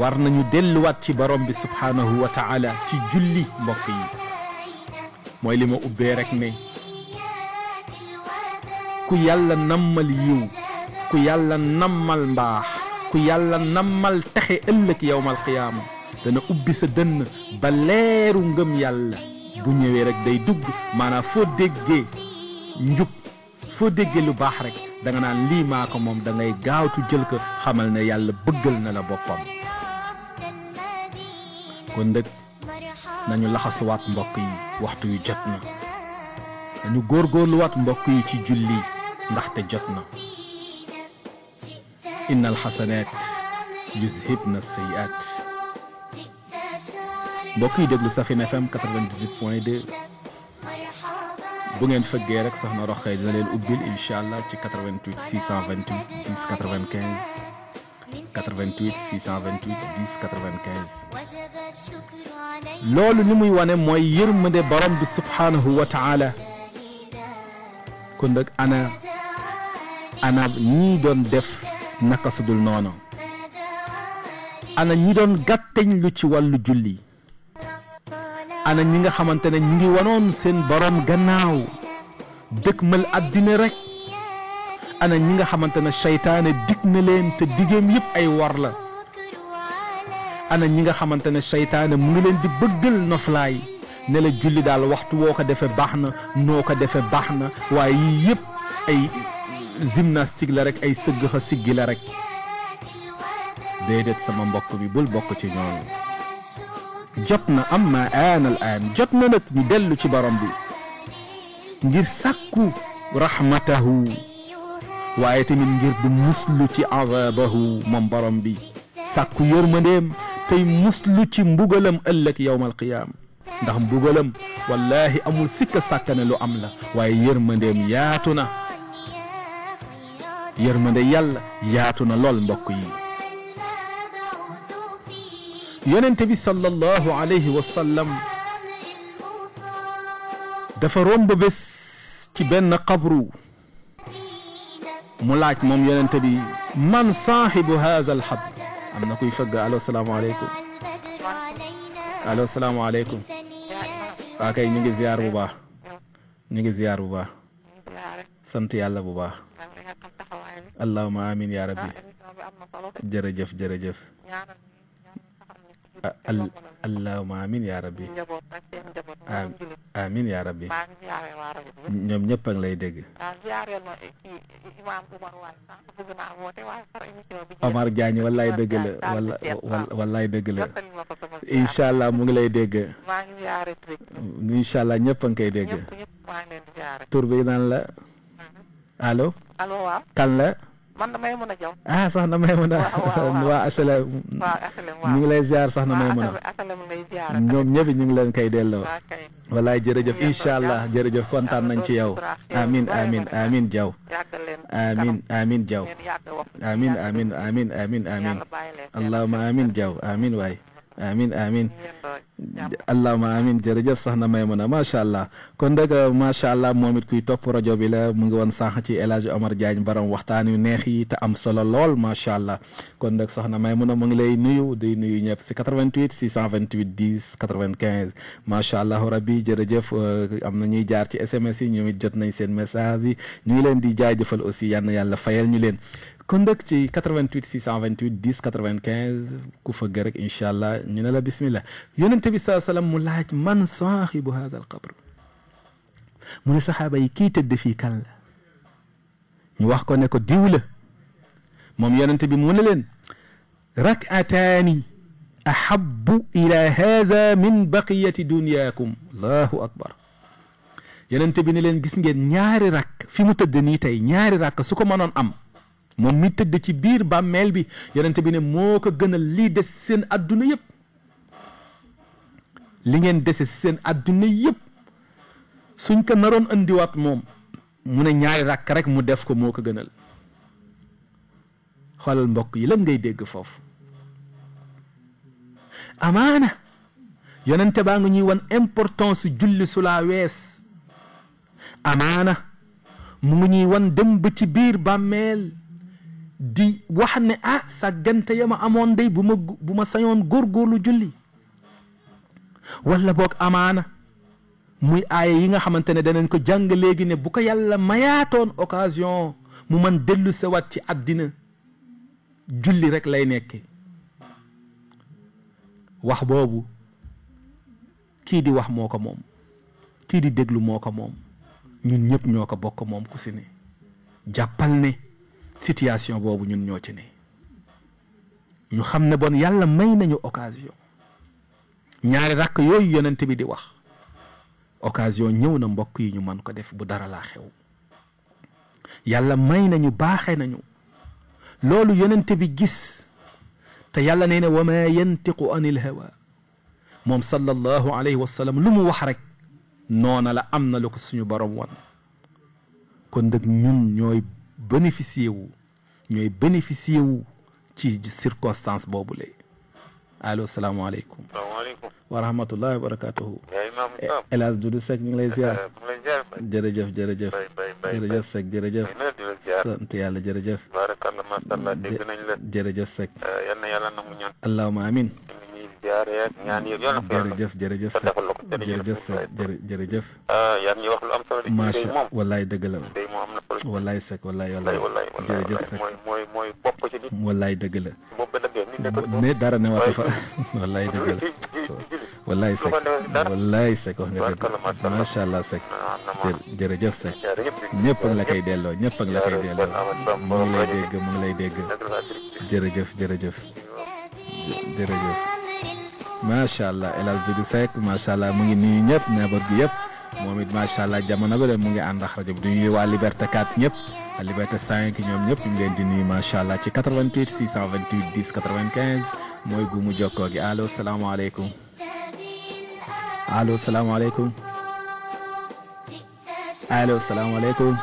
war nañu delluwaat ci borom bi subhaanahu wa taala ci julli mbokk yi mooy li ma ubbee rek ne ku yàlla nammal yiw ku yàlla nammal mbaax ku yàlla nammal texe ëllëg yowmal qiyaama dana ubbi sa dënn ba leeru ngëm yàlla bu ñëwee rek day dugg maanaam foo déggee njub foo déggee lu baax rek danga naan lii maa ko moom da ngay gaawtu jël ko xamal ne yàlla bëggal na la boppam kon nag nañu laxasuwaat mbokk yi waxtu yu jot na nañu góorgóorluwaat mbokk yi ci julli ndaxte jot na إن الحسنات يذهبن السيئات mbokk yi déglu Safin FM 98.2 bu ngeen fëggee rek soxna Roxee dina leen ubbil incha allah ci 88 628 10 95 88 628 10 95 loolu li muy wane mooy yërmande borom bi subhaanahu wa taala kon nag ana ana ñii doon def. naka noonu ana ñi doon gàtteñ lu ci wàllu julli ana ñi nga xamante ne ñi ngi wanoon seen boroom gannaaw dëkk mël àddina rekk ana ñi nga xamante ne seytaane dig na leen te digéem yëpp ay war la ana ñi nga xamante ne seytaane mu ngi leen di bëggal noflaay ne la julli daal waxtu woo ko defee baax na noo ko defee baax na waaye yii yëpp ay gymnastique la rek ay sëgg xa siggi la rek déedéet sama mbokk bi bul bokk ci ñoom jot na am ma aanal aan jot na nag ñu dellu ci borom bi ngir sàkku rahmatahu waaye tamit ngir du muslu ci azabahu moom borom bi sàkku yërmandeem tey muslu ci mbugalam ëllëg yowmal qiyaama ndax mbugalam wallahi amul sikka sàkka lu am la waaye yërmandeem yaatu na yërmande yàlla yaatuna lol mbok yi yonent bi sallallahu alayhi wa sallam dafa rombe bés ci ben qabru mu laaj mom yonent bi man saaxibu hadha al hab amna kuy fëgg alo alaykum alo salaamaaleykum alaykum akay ñu ngi ziar bu baax ñu ngi ziar bu baax sant yàlla bu baax allahuma amin yaa rabbi jërëjëf jërëjëf allahuma amin yaa amin yaa rabbi ñoom ñëpp lay dégg ah, Omar Diagne wallaay dëgg la wala wallaay mu ngi lay dégg incha allah ñëpp a ngi koy dégg tur bi naan la mhm. allo allo waaw kan la. man damay mën a jaw. may mën a. waaw waa HLM. ngi lay ziar soxna may mën a. ñoom ñëpp ñu ngi leen koy delloo. walaay jërëjëf incha allah jërëjëf kontaan nañ ci yow. amin amin amin jaw amin amin jaw amin amin amin amin amin allahuma amin jaw amin waay. amin amin allahuma amin jërëjëf soxna Maymuna macha allah kon dëgg macha allah moom it kuy topp rajo bi la mu ngi woon sànq ci El Hadj Omar Diagne borom waxtaan yu neex yi te am solo lool macha allah kon nag soxna Maymuna mu ngi lay nuyu di nuyu ñëpp si 88 628 10 95 macha allah rabbi jërëjëf euh, am na ñuy jaar ci SMS yi ñoom it jot nañ seen message yi ñu ngi leen di jaajëfal aussi yal na yàlla fayal ñu leen كندك تي 88 628 10 95 كوفا غرك ان شاء الله ننلا بسم الله يونس تبي من صاحب هذا القبر من صحابه كي تد في كان لا ني واخ كو نيكو ديولا موم يونس تبي مولين ركعتان احب الى هذا من بقيه دنياكم الله اكبر يونس تبي نلين غيس نين نياري رك في مو تد ني تاي نياري رك سوكو مانون ام moom mi tëdd ci biir bàmmeel bi yonente bi ne moo ko gënal lii des seen àdduna yëpp li ngeen dese ci seen àdduna yépp suñ ko naroon andiwaat moom mu ne ñaari rakk rek mu def ko moo ko gënal xoolal mbokk yi lan ngay dégg foofu amaana yonente baa nga ñuy wan importance julli su laa wees amaana mu ngi ñuy wan dem ci biir bàmmeel di wax ne ah sàggante ya ma amoon day bu ma bu ma sañoon góorgóorlu julli walla boog amaana muy aaya yi nga xamante ne danañ ko jàng léegi ne bu ko yàlla mayaatoon occasion mu man mën dellu wat ci àddina julli rekk lay nekke wax boobu kii di wax moo ko moom kii di déglu moo ko moom ñun ñëpp ñoo ko bokk moom ku si ne jàppal ne situation bobu ñun ñoo ci ne ñu xamne bon yàlla may nañu occasion ñaari rak yoy yonent bi di wax occasion ñëw na mbokk yi ñu man ko def bu dara la xew yàlla may nañu baxé nañu lolu yonent bi gis te yàlla nee wama yantiqu anil hawa mom sallallahu alayhi wa sallam lu mu wax rek noona la am lu ko suñu borom won kon deug ñun ñoy bénéficier wu ñooy ci circonstance boobu la salaamaaleykum. salaamaaleykum. wa rahmatullahi wa eh, ñu ngi lay eh, ziar. jërëjëf jërëjëf. jërëjëf Seck jërëjëf. sant yàlla jërëjëf. barakallah macha jërëjëf Seck. Eh, amin. ziyaare ak ñaan yi yoon dëgg la wallaay sek wallaay wallaay dëgg la mais dara ne waatu fa wallaay dëgg la wallaay sek wallaay sek ah, la koy delloo ñëpp nga la koy delloo mu lay dégg mu lay dégg jërëjëf jërëjëf macha allah El Hadj Doudou Seck macha allah mu ngi ni ñep nebar gu yep momit it allah jamono ba mu ngi and ak rajo ñuy wa Liberté 4 ñep Liberté 5 ñom ñep ñu ngi ni di allah ci 88 628 10 95 moy gu mu joko gi allo salam alaykum allo salam alaykum allo salam alaykum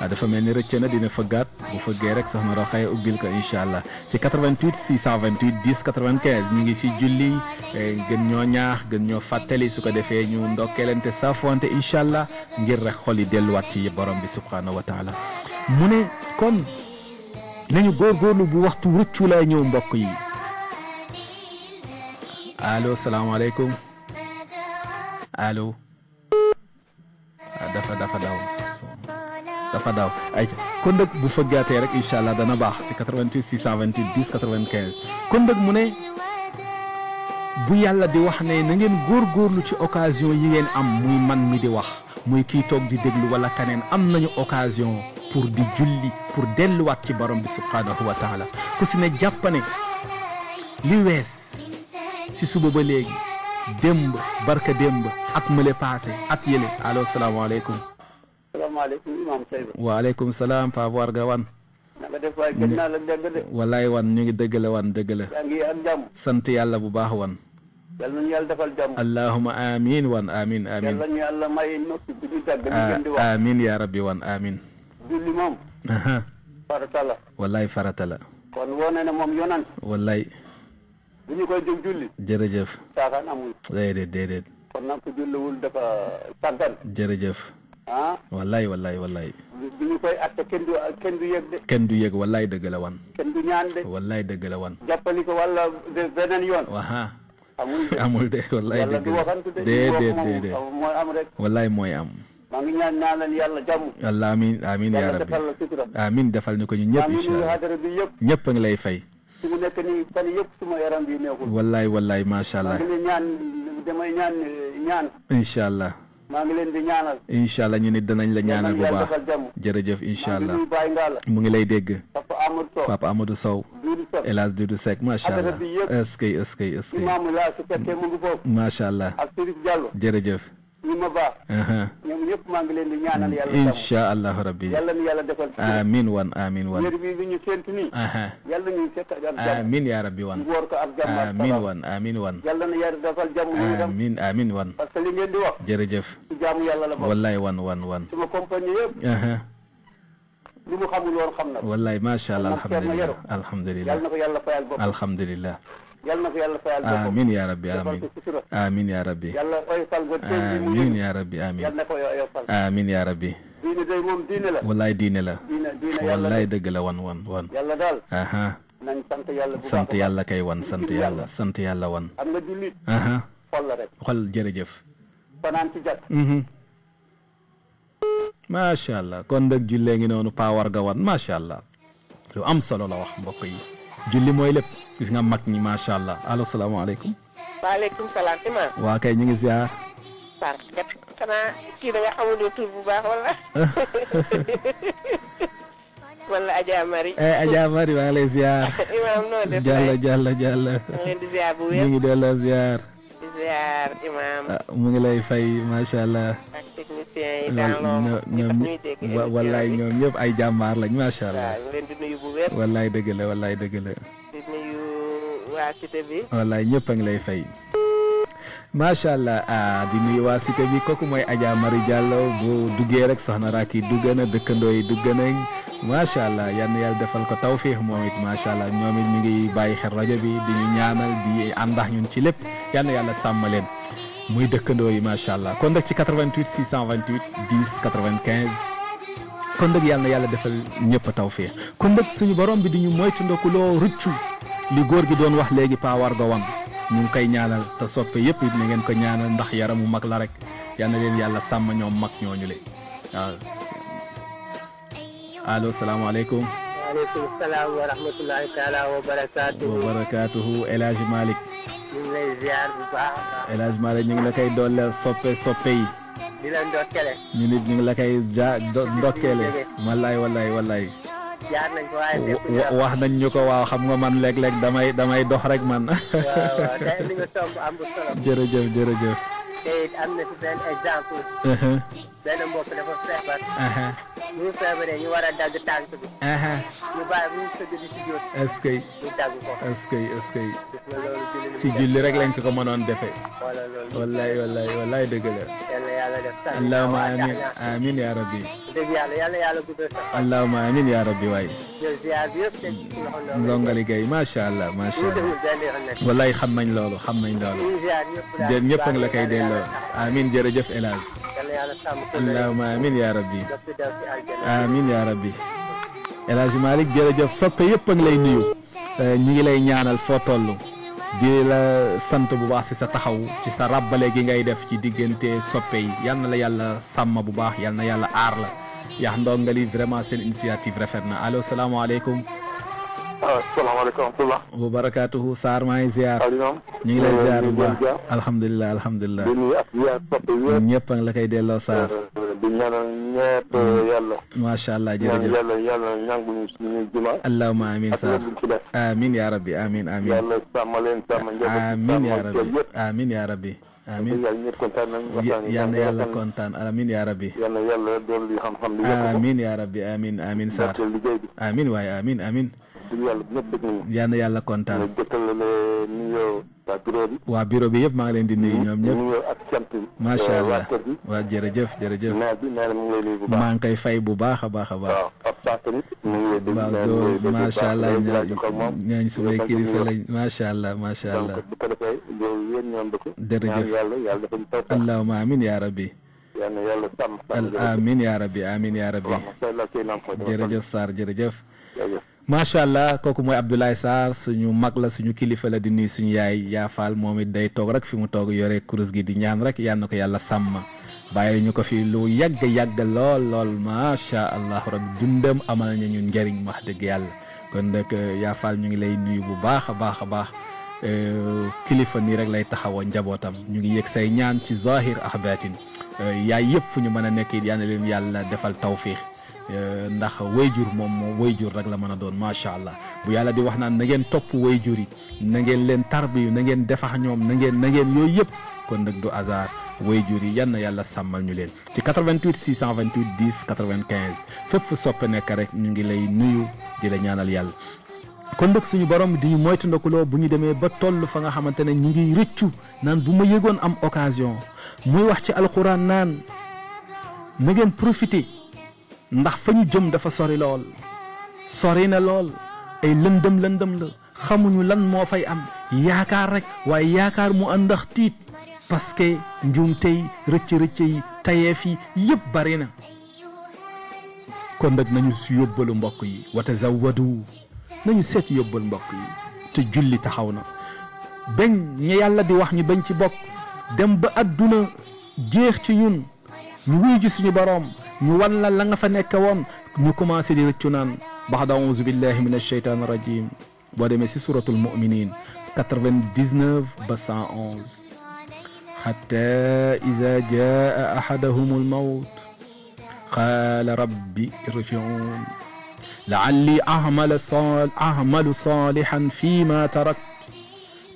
Ah, dafa mel ni rëcc na dina fëggat bu fëggee rek soxna Roxaya ubbil ko incha allah ci 88 628 10 95 ñu ngi si julli eh, gën ñoo ñaax gën ñoo fàttali su ko defee ñu ndokkeelante saafonte incha allah ngir rek xol yi delluwaat ci borom bi subhaanahu wa taala mu ne kon nañu góorgóorlu bu waxtu rëccu lay ñëw mbokk yi allo salaamaaleykum allo fa daaw kon nag bu fëggaatee rek incha allah dana baax si 88 628 10 95 kon nag mu ne bu yàlla di wax ne na ngeen góorgóorlu ci occasion yi ngeen am muy man mi di wax muy kii toog di déglu wala kaneen am nañu occasion pour di julli pour delluwaat ci borom bi subhaanahu wa taala ku si ne jàpp li wees si suba ba léegi démb barka démb ak mële paase at yële allo salaamaaleykum asalaamaaleykum salaam Pape wan ñu ngi dëgg la wan dëgg la yaa bu baax wan yàlla defal jàmm allahuma amin wan amin amin yàlla ñu amin wan amin julli moom farata la wallaay farata la kon woo ne ne moom yonant julli jërëjëf caaxaan amul déedéet déedéet kon nag ko julliwul dafa sàggan jërëjëf ah. wallaay wallaay wallaay. bi ñu koy àtte kenn du kenn du yëg de. kenn du yëg wallaay dëgg la wan. kenn du ñaan de. wallaay dëgg la wan. jàppali ko wala beneen yoon. amul de amul de wallaay dëgg la déedéet déedéet mooy am rek. wallaay mooy am. maa ngi ñaan ñaanal yàlla jàmm. yàlla amiin amiin yaa rabbi amiin defal ñu ko ñu ñëpp incha allah ñëpp a ngi lay fay. su mu nekk nii fan yëpp suma yaram bi neexul. wallaay wallaay macha allah. maa ngi ñaan damay ñaan ñaan. incha allah. maa ngi leen di ñaanal. incha allah ñu ne danañ la ñaanal bu baax jërëjëf incha allah mu ngi lay dégg. papa Amadou Sow papa Amadou Sow. El Hadj Doudou Seck macha allah. est ce que est ce que est ce que. macha allah. ak Chérif jërëjëf. yi ma baax ñoom ñëpp maa ngi leen di ñaanal yàlla incha allahu rabbi yàlla nu yàlla defal amin wan amin wan wér bi lu ñu séntu nii yàlla ñu fekk ak jàmm amin yaa rabbi wan woor ko ak jàmm amin wan amin wan yàlla nu yàlla defal jàmm amin amin wan parce que li ngeen di wax jërëjëf jàmm yàlla la bokk wallaay wan wan wan sama compagnie yëpp lu mu xamul woon xam na wallaay macha allah alhamdulilah alhamdulilah yàlla na ko yàlla fayal bopp alhamdulilah yal na ko yàlla fayal boppam amiin yaa rabbi amiin amiin yaa rabbi yàlla oyofal nga amiin yaa rabbi amiin yal na ko oyofal amiin yaa rabbi diine day moom diine la wallaay diine la wallaay dëgg la wan wan wan yàlla daal aha nañ sant yàlla bu sant yàlla kay wan sant yàlla sant yàlla wan am nga jullit aha xol la rek xol jërëjëf fanaan ci jàkk mhm. macha allah kon nag jullee ngi noonu paa war ga wan macha allah lu am solo la wax mbokk yi julli mooy lépp gis nga mag ñi macha allah allo salaamaaleykum. waaleykum salaam Iman. wa gitu ya. ya kay ñu ngi ziar. par kat xanaa ki da nga xamul tour bu baax wala. wala Adja Mari. eh Adja Mari wa lay ziar. imam no ah, def jalla jalla jalla ngi ziar bu wér. ngi ziar. ziar Imaam. mu ngi lay fay macha allah. ak allah. Nah, waa cité a ngi lay fay. macha allah ah di nuyu waa cité bi kooku mooy Adja Marie Diallo bu duggee rek soxna Racky dugg na dëkkandoo yi dugg nañ macha allah yan yàlla defal ko tawfiix moom it macha allah ñoom it ñu ngi bàyyi xel rajo bi di ñu ñaanal di àndax ñun ci lépp yan yàlla sàmm leen muy dëkkandoo yi macha allah kon nag ci 88 628 10 95. kon nag yàlla yàlla defal ñëpp tawfiix kon nag suñu borom bi di ñu moytu ndokuloo ruccu. li góor gi doon wax léegi Pa Warga Wan ñu ngi koy ñaanal te soppe yëpp it na ngeen ko ñaanal ndax yaramu mag la rek yal na yàlla sàmm ñoom mag ñooñu le waaw allo salaamaaleykum. waaleykum salaam wa rahmatulahi wa barakaatuhu. wa barakaatuhu ñu ngi la koy doole soppe soppe yi. di ndokkele. ñu nit ñu ngi la koy ja ndokkeele. wallaay wallaay wax na ñu ko waaw xam nga man léeg-léeg damay damay dox rek man. waaw waaw benn mbokk dafa feebar. si julli rek lañ ko ko mënoon defee. wallaay wallaay wallaay dëgg la. yàlla def yaa rabbi. dëgg yàlla yàlla yàlla macha allah macha allah. wallaay xam nañ loolu xam nañ loolu. jërëjëf ñëpp a ngi la koy delloo. allahumma amin yaa rabbi amin yaa rabbi El Hadj Malick jërëjëf soppe yëpp a lay nuyu euh, ñu ngi lay ñaanal foo toll di la sant bu baax si sa taxaw ci sa ràbbale gi ngay def ci diggante soppe yi yal la yàlla sàmm bu baax yal na yàlla aar la yaax ndongali vraiment seen initiative rafet na allo salaamaaleykum asalaamaaleykum wa rahmatulah. wa barakaatuhu Sarr maa ngi ziar. ñu ngi lay ziar bu baax alhamdulilah alhamdulilah. di nuyu ak ziar topp yëpp. ñëpp a ngi la koy delloo Sarr. di ñaanal ñëpp mm. yàlla. macha allah jërëjëf yàlla yàlla ñànguñu suñu juma. allahumma amiin Sarr amiin yaa rabbi amiin amiin. yàlla sàmm leen sàmm njaboot amiin yaa rabbi amiin yaa rabbi. amiin yal na yàlla kontaan amiin yaa rabbi amiin yaa rabbi amiin amiin Sarr amiin waaye amiin amiin dëgg yàlla kontaan. ñu waa bureau bi. yëpp maa ngi leen di nuyu ñoom ñëpp. nuyoo ak cant yi. waa jërëjëf jërëjëf. la mu maa ngi koy fay bu baax a baax a baax. a Pape Sarr tamit. mu ngi lay déglu waaw allah ñooñu sumay macha allah macha allah. yàlla yàlla dafa ñu taw. allahumma amin yaa rabbi yàlla yàlla sàmm. amiin yaa rabbi amiin yaa rabbi. macha allah kooku mooy Abdoulaye Sarr suñu mag la suñu kilifa la di nuyu suñu yaay yaafaal moom it day toog rek fi mu toog yore kurus gi di ñaan rek yal na ko yàlla sàmm bàyyi ñu ko fi lu yàgg yàgg lool lool macha allah rabbi dundam amal na ñun njëriñ wax dëgg yàlla kon nag euh, yaafaal ñu ngi lay nuyu bu baax a baax a baax euh, kilifa nii rek lay taxawoo njabootam ñu ngi yëg say ñaan ci zahir ak baatin euh, yaay yëpp fu ñu mën a nekk it yal na leen yàlla defal tawfiix Euh, ndax jur moom moom wayjur rek la mën a doon macha allah bu yàlla di wax naan na ngeen topp jur yi na ngeen leen tarbiyu na ngeen defax ñoom na ngeen na ngeen yooyu yëpp kon nag du hasard jur yi yan na yàlla sàmmal ñu leen ci 88 628 10 95 fépp fu soppe nekk rek ñu ngi lay nuyu di la ñaanal yàlla kon nag suñu borom di moytu loo bu ñu demee ba toll fa nga xamante ne ñu ngi rëccu naan bu ma yëgoon am occasion muy wax ci alxuraan naan na ngeen profité ndax fa ñu jëm dafa sori lool sori na lool ay lëndëm lëndëm la xamuñu lan moo fay am yaakaar rek waaye yaakaar mu àndax tiit parce que njuum tey rëcc-rëcc yi tayeef yi yëpp bari na kon nag nañu si yóbbalu mbokk yi wata zawadu nañu seet yóbbal mbokk yi te julli taxaw na bañ ña yàlla di wax ñi bañ ci bokk dem ba adduna jeex ci ñun ñu wuy ji suñu boroom ñu wan la la nga fa nekk woon ñu commencé di rëccu naan bax da auzu billahi min alcheytan rajim boo demee si suratul muminin 99 ba 111 حتى إذا جاء أحدهم الموت قال ربي ارجعون لعلي أعمل, صال أعمل صالحا فيما تركت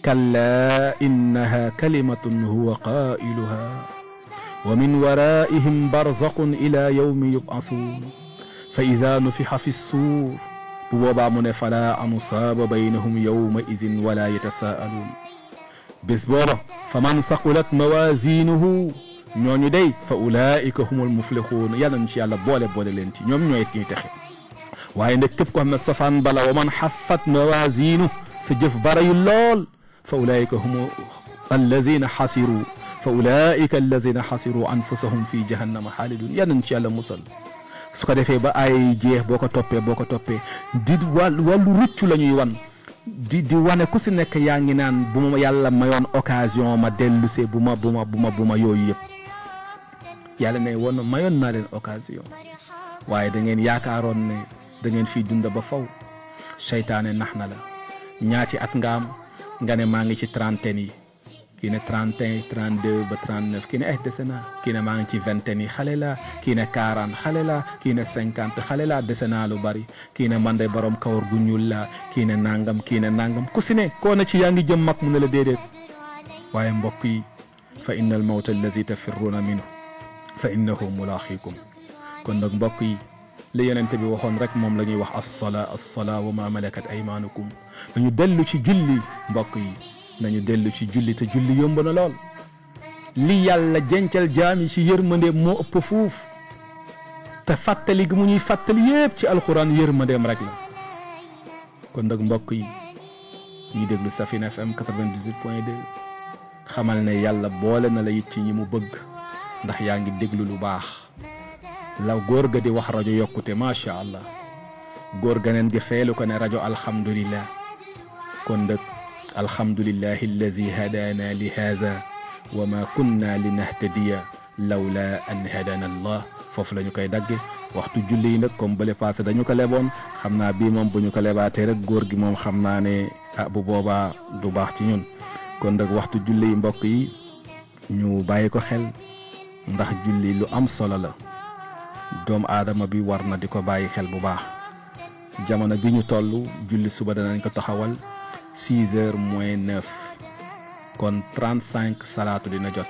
كلا إنها كلمة هو قائلها ومن ورائهم برزق إلى يوم يبعثون فإذا نفح في السور بوضع من فلا نصاب بينهم يومئذ ولا يتساءلون بسبورة فمن ثقلت موازينه نيوني دي فأولئك هم المفلحون يلا إن شاء الله بولة بولة لنتي نيوم نيوم يتكي تخي وعند كبكو هم السفان بلا ومن حفت موازينه سجف باري اللول فأولئك هم الذين حسروا fa ulaika allazina xasiru anfusahum fi jahannama xaalidun yal nañ ci yàlla musal su ko defee ba ay jeex boo ko toppee boo ko toppee di wàllu wàllu ruccu lañuy wan di di wane ku si nekk yaa ngi naan bu ma yàlla mayoon occasion ma dellusee bu ma bu ma bu ma bu ma yooyu yëpp yàlla ne woon mayoon naa leen okasiyon waaye da ngeen yaakaaroon ne dangeen fi fii dund ba faw seytaane nax na la ñaati at nga am nga ne maa ngi ci trentaine yi kii na 31 32 ba 39 kii na dese naa kii na maa ngi ci vingtaine yi xale la kii na 40 xale la kii na 50 xale la dese naa lu bari kii na man de borom kawar gu ñuul la kii na nangam kii na nangam ku si ne koo na ci yaa ngi jëm mag mu ne la déedéet waaye mbokk yi fa innal mawta allazi tafirruuna minhu fa innahu mulaaxikum kon nag mbokk yi li yonent bi waxoon rek moom la ñuy wax assola assola wa ma malakat aymanukum dañu dellu ci julli mbokk yi nañu dellu ci julli te julli yomb na lool li yàlla jencal jaam yi ci yërmandeem moo ëpp fuuf te fàttali gi mu ñuy fàttali yépp ci alxuraan yërmandeem rek la kon nag mbokk yi ñi déglu Safina FM 98 point 2 xamal ne yàlla boole na la it ci ñi mu bëgg ndax yaa ngi déglu lu baax la góor ga di wax rajo yokkute macha allah góor ganeen gi feelu ko ne rajo alhamdulillah kon nag الحمد لله الذي هدانا لهذا وما كنا لنهtadiya lawla an hadana allah foofu la ñu koy dagge waxtu julli yi nag comme bële passé dañu ko leboon xam naa bii moom bu ñu ko lebaatee rek góor gi moom xam naa ne ah bu boobaa du baax ci ñun kon nag waxtu julli yi mbokk yi ñu bàyyi ko xel ndax julli lu am solo la doomu aadama bi war na di ko bàyyi xel bu baax jamono bi ñu toll julli suba danañ ko taxawal six heures moins neuf kon trente cinq salaatu dina jot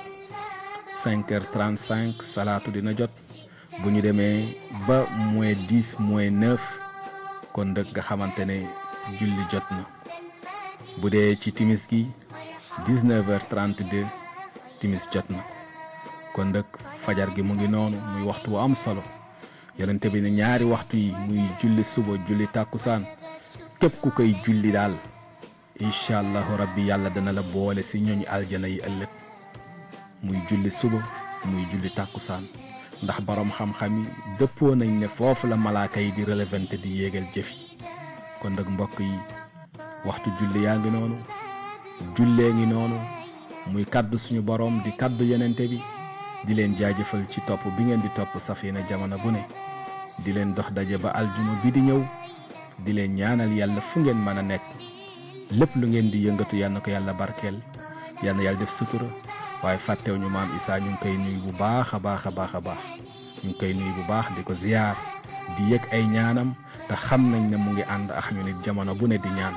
cinq heures trente cinq salaatu dina jot bu ñu demee ba moins dix kon dëkk nga xamante ne julli jot na bu dee ci timis gi dix neuf heures trente timis jot na kon dëkk fajar gi mu ngi noonu muy waxtu wu am solo yonente bi ne ñaari waxtu yi muy julli suba julli tàkkusaan képp ku koy julli daal incha allahu rabbi yàlla dana la boole si ñooñu aljana yi ëllëg muy julli suba muy julli tàkkusaan ndax boroom xam-xam yi dëppoo nañ ne foofu la malaaka yi di relevante di yéegal jëf yi kon nag mbokk yi waxtu julli yaa ngi noonu jullee ngi noonu muy kàddu suñu boroom di kàddu yenente bi di leen jaajëfal ci topp bi ngeen di topp safina jamono bu ne di leen dox daje ba aljuma bi di ñëw di leen ñaanal yàlla fu ngeen mën a nekk lépp lu ngeen di yëngatu yal na ko yàlla barkeel yal yàlla def sutura waaye fàttewuñu maam Issa ñu ngi koy nuyu bu baax a baax a baax a baax ñu koy nuyu bu baax di ko ziyaar di yëg ay ñaanam te xam nañ ne mu ngi ànd ak ñu nit jamono bu ne di ñaan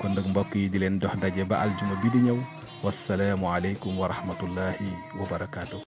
kon nag mbokk yi di leen dox daje ba aljuma bi di ñëw wasalaamualeykum wa rahmatullahi wa barakaatu.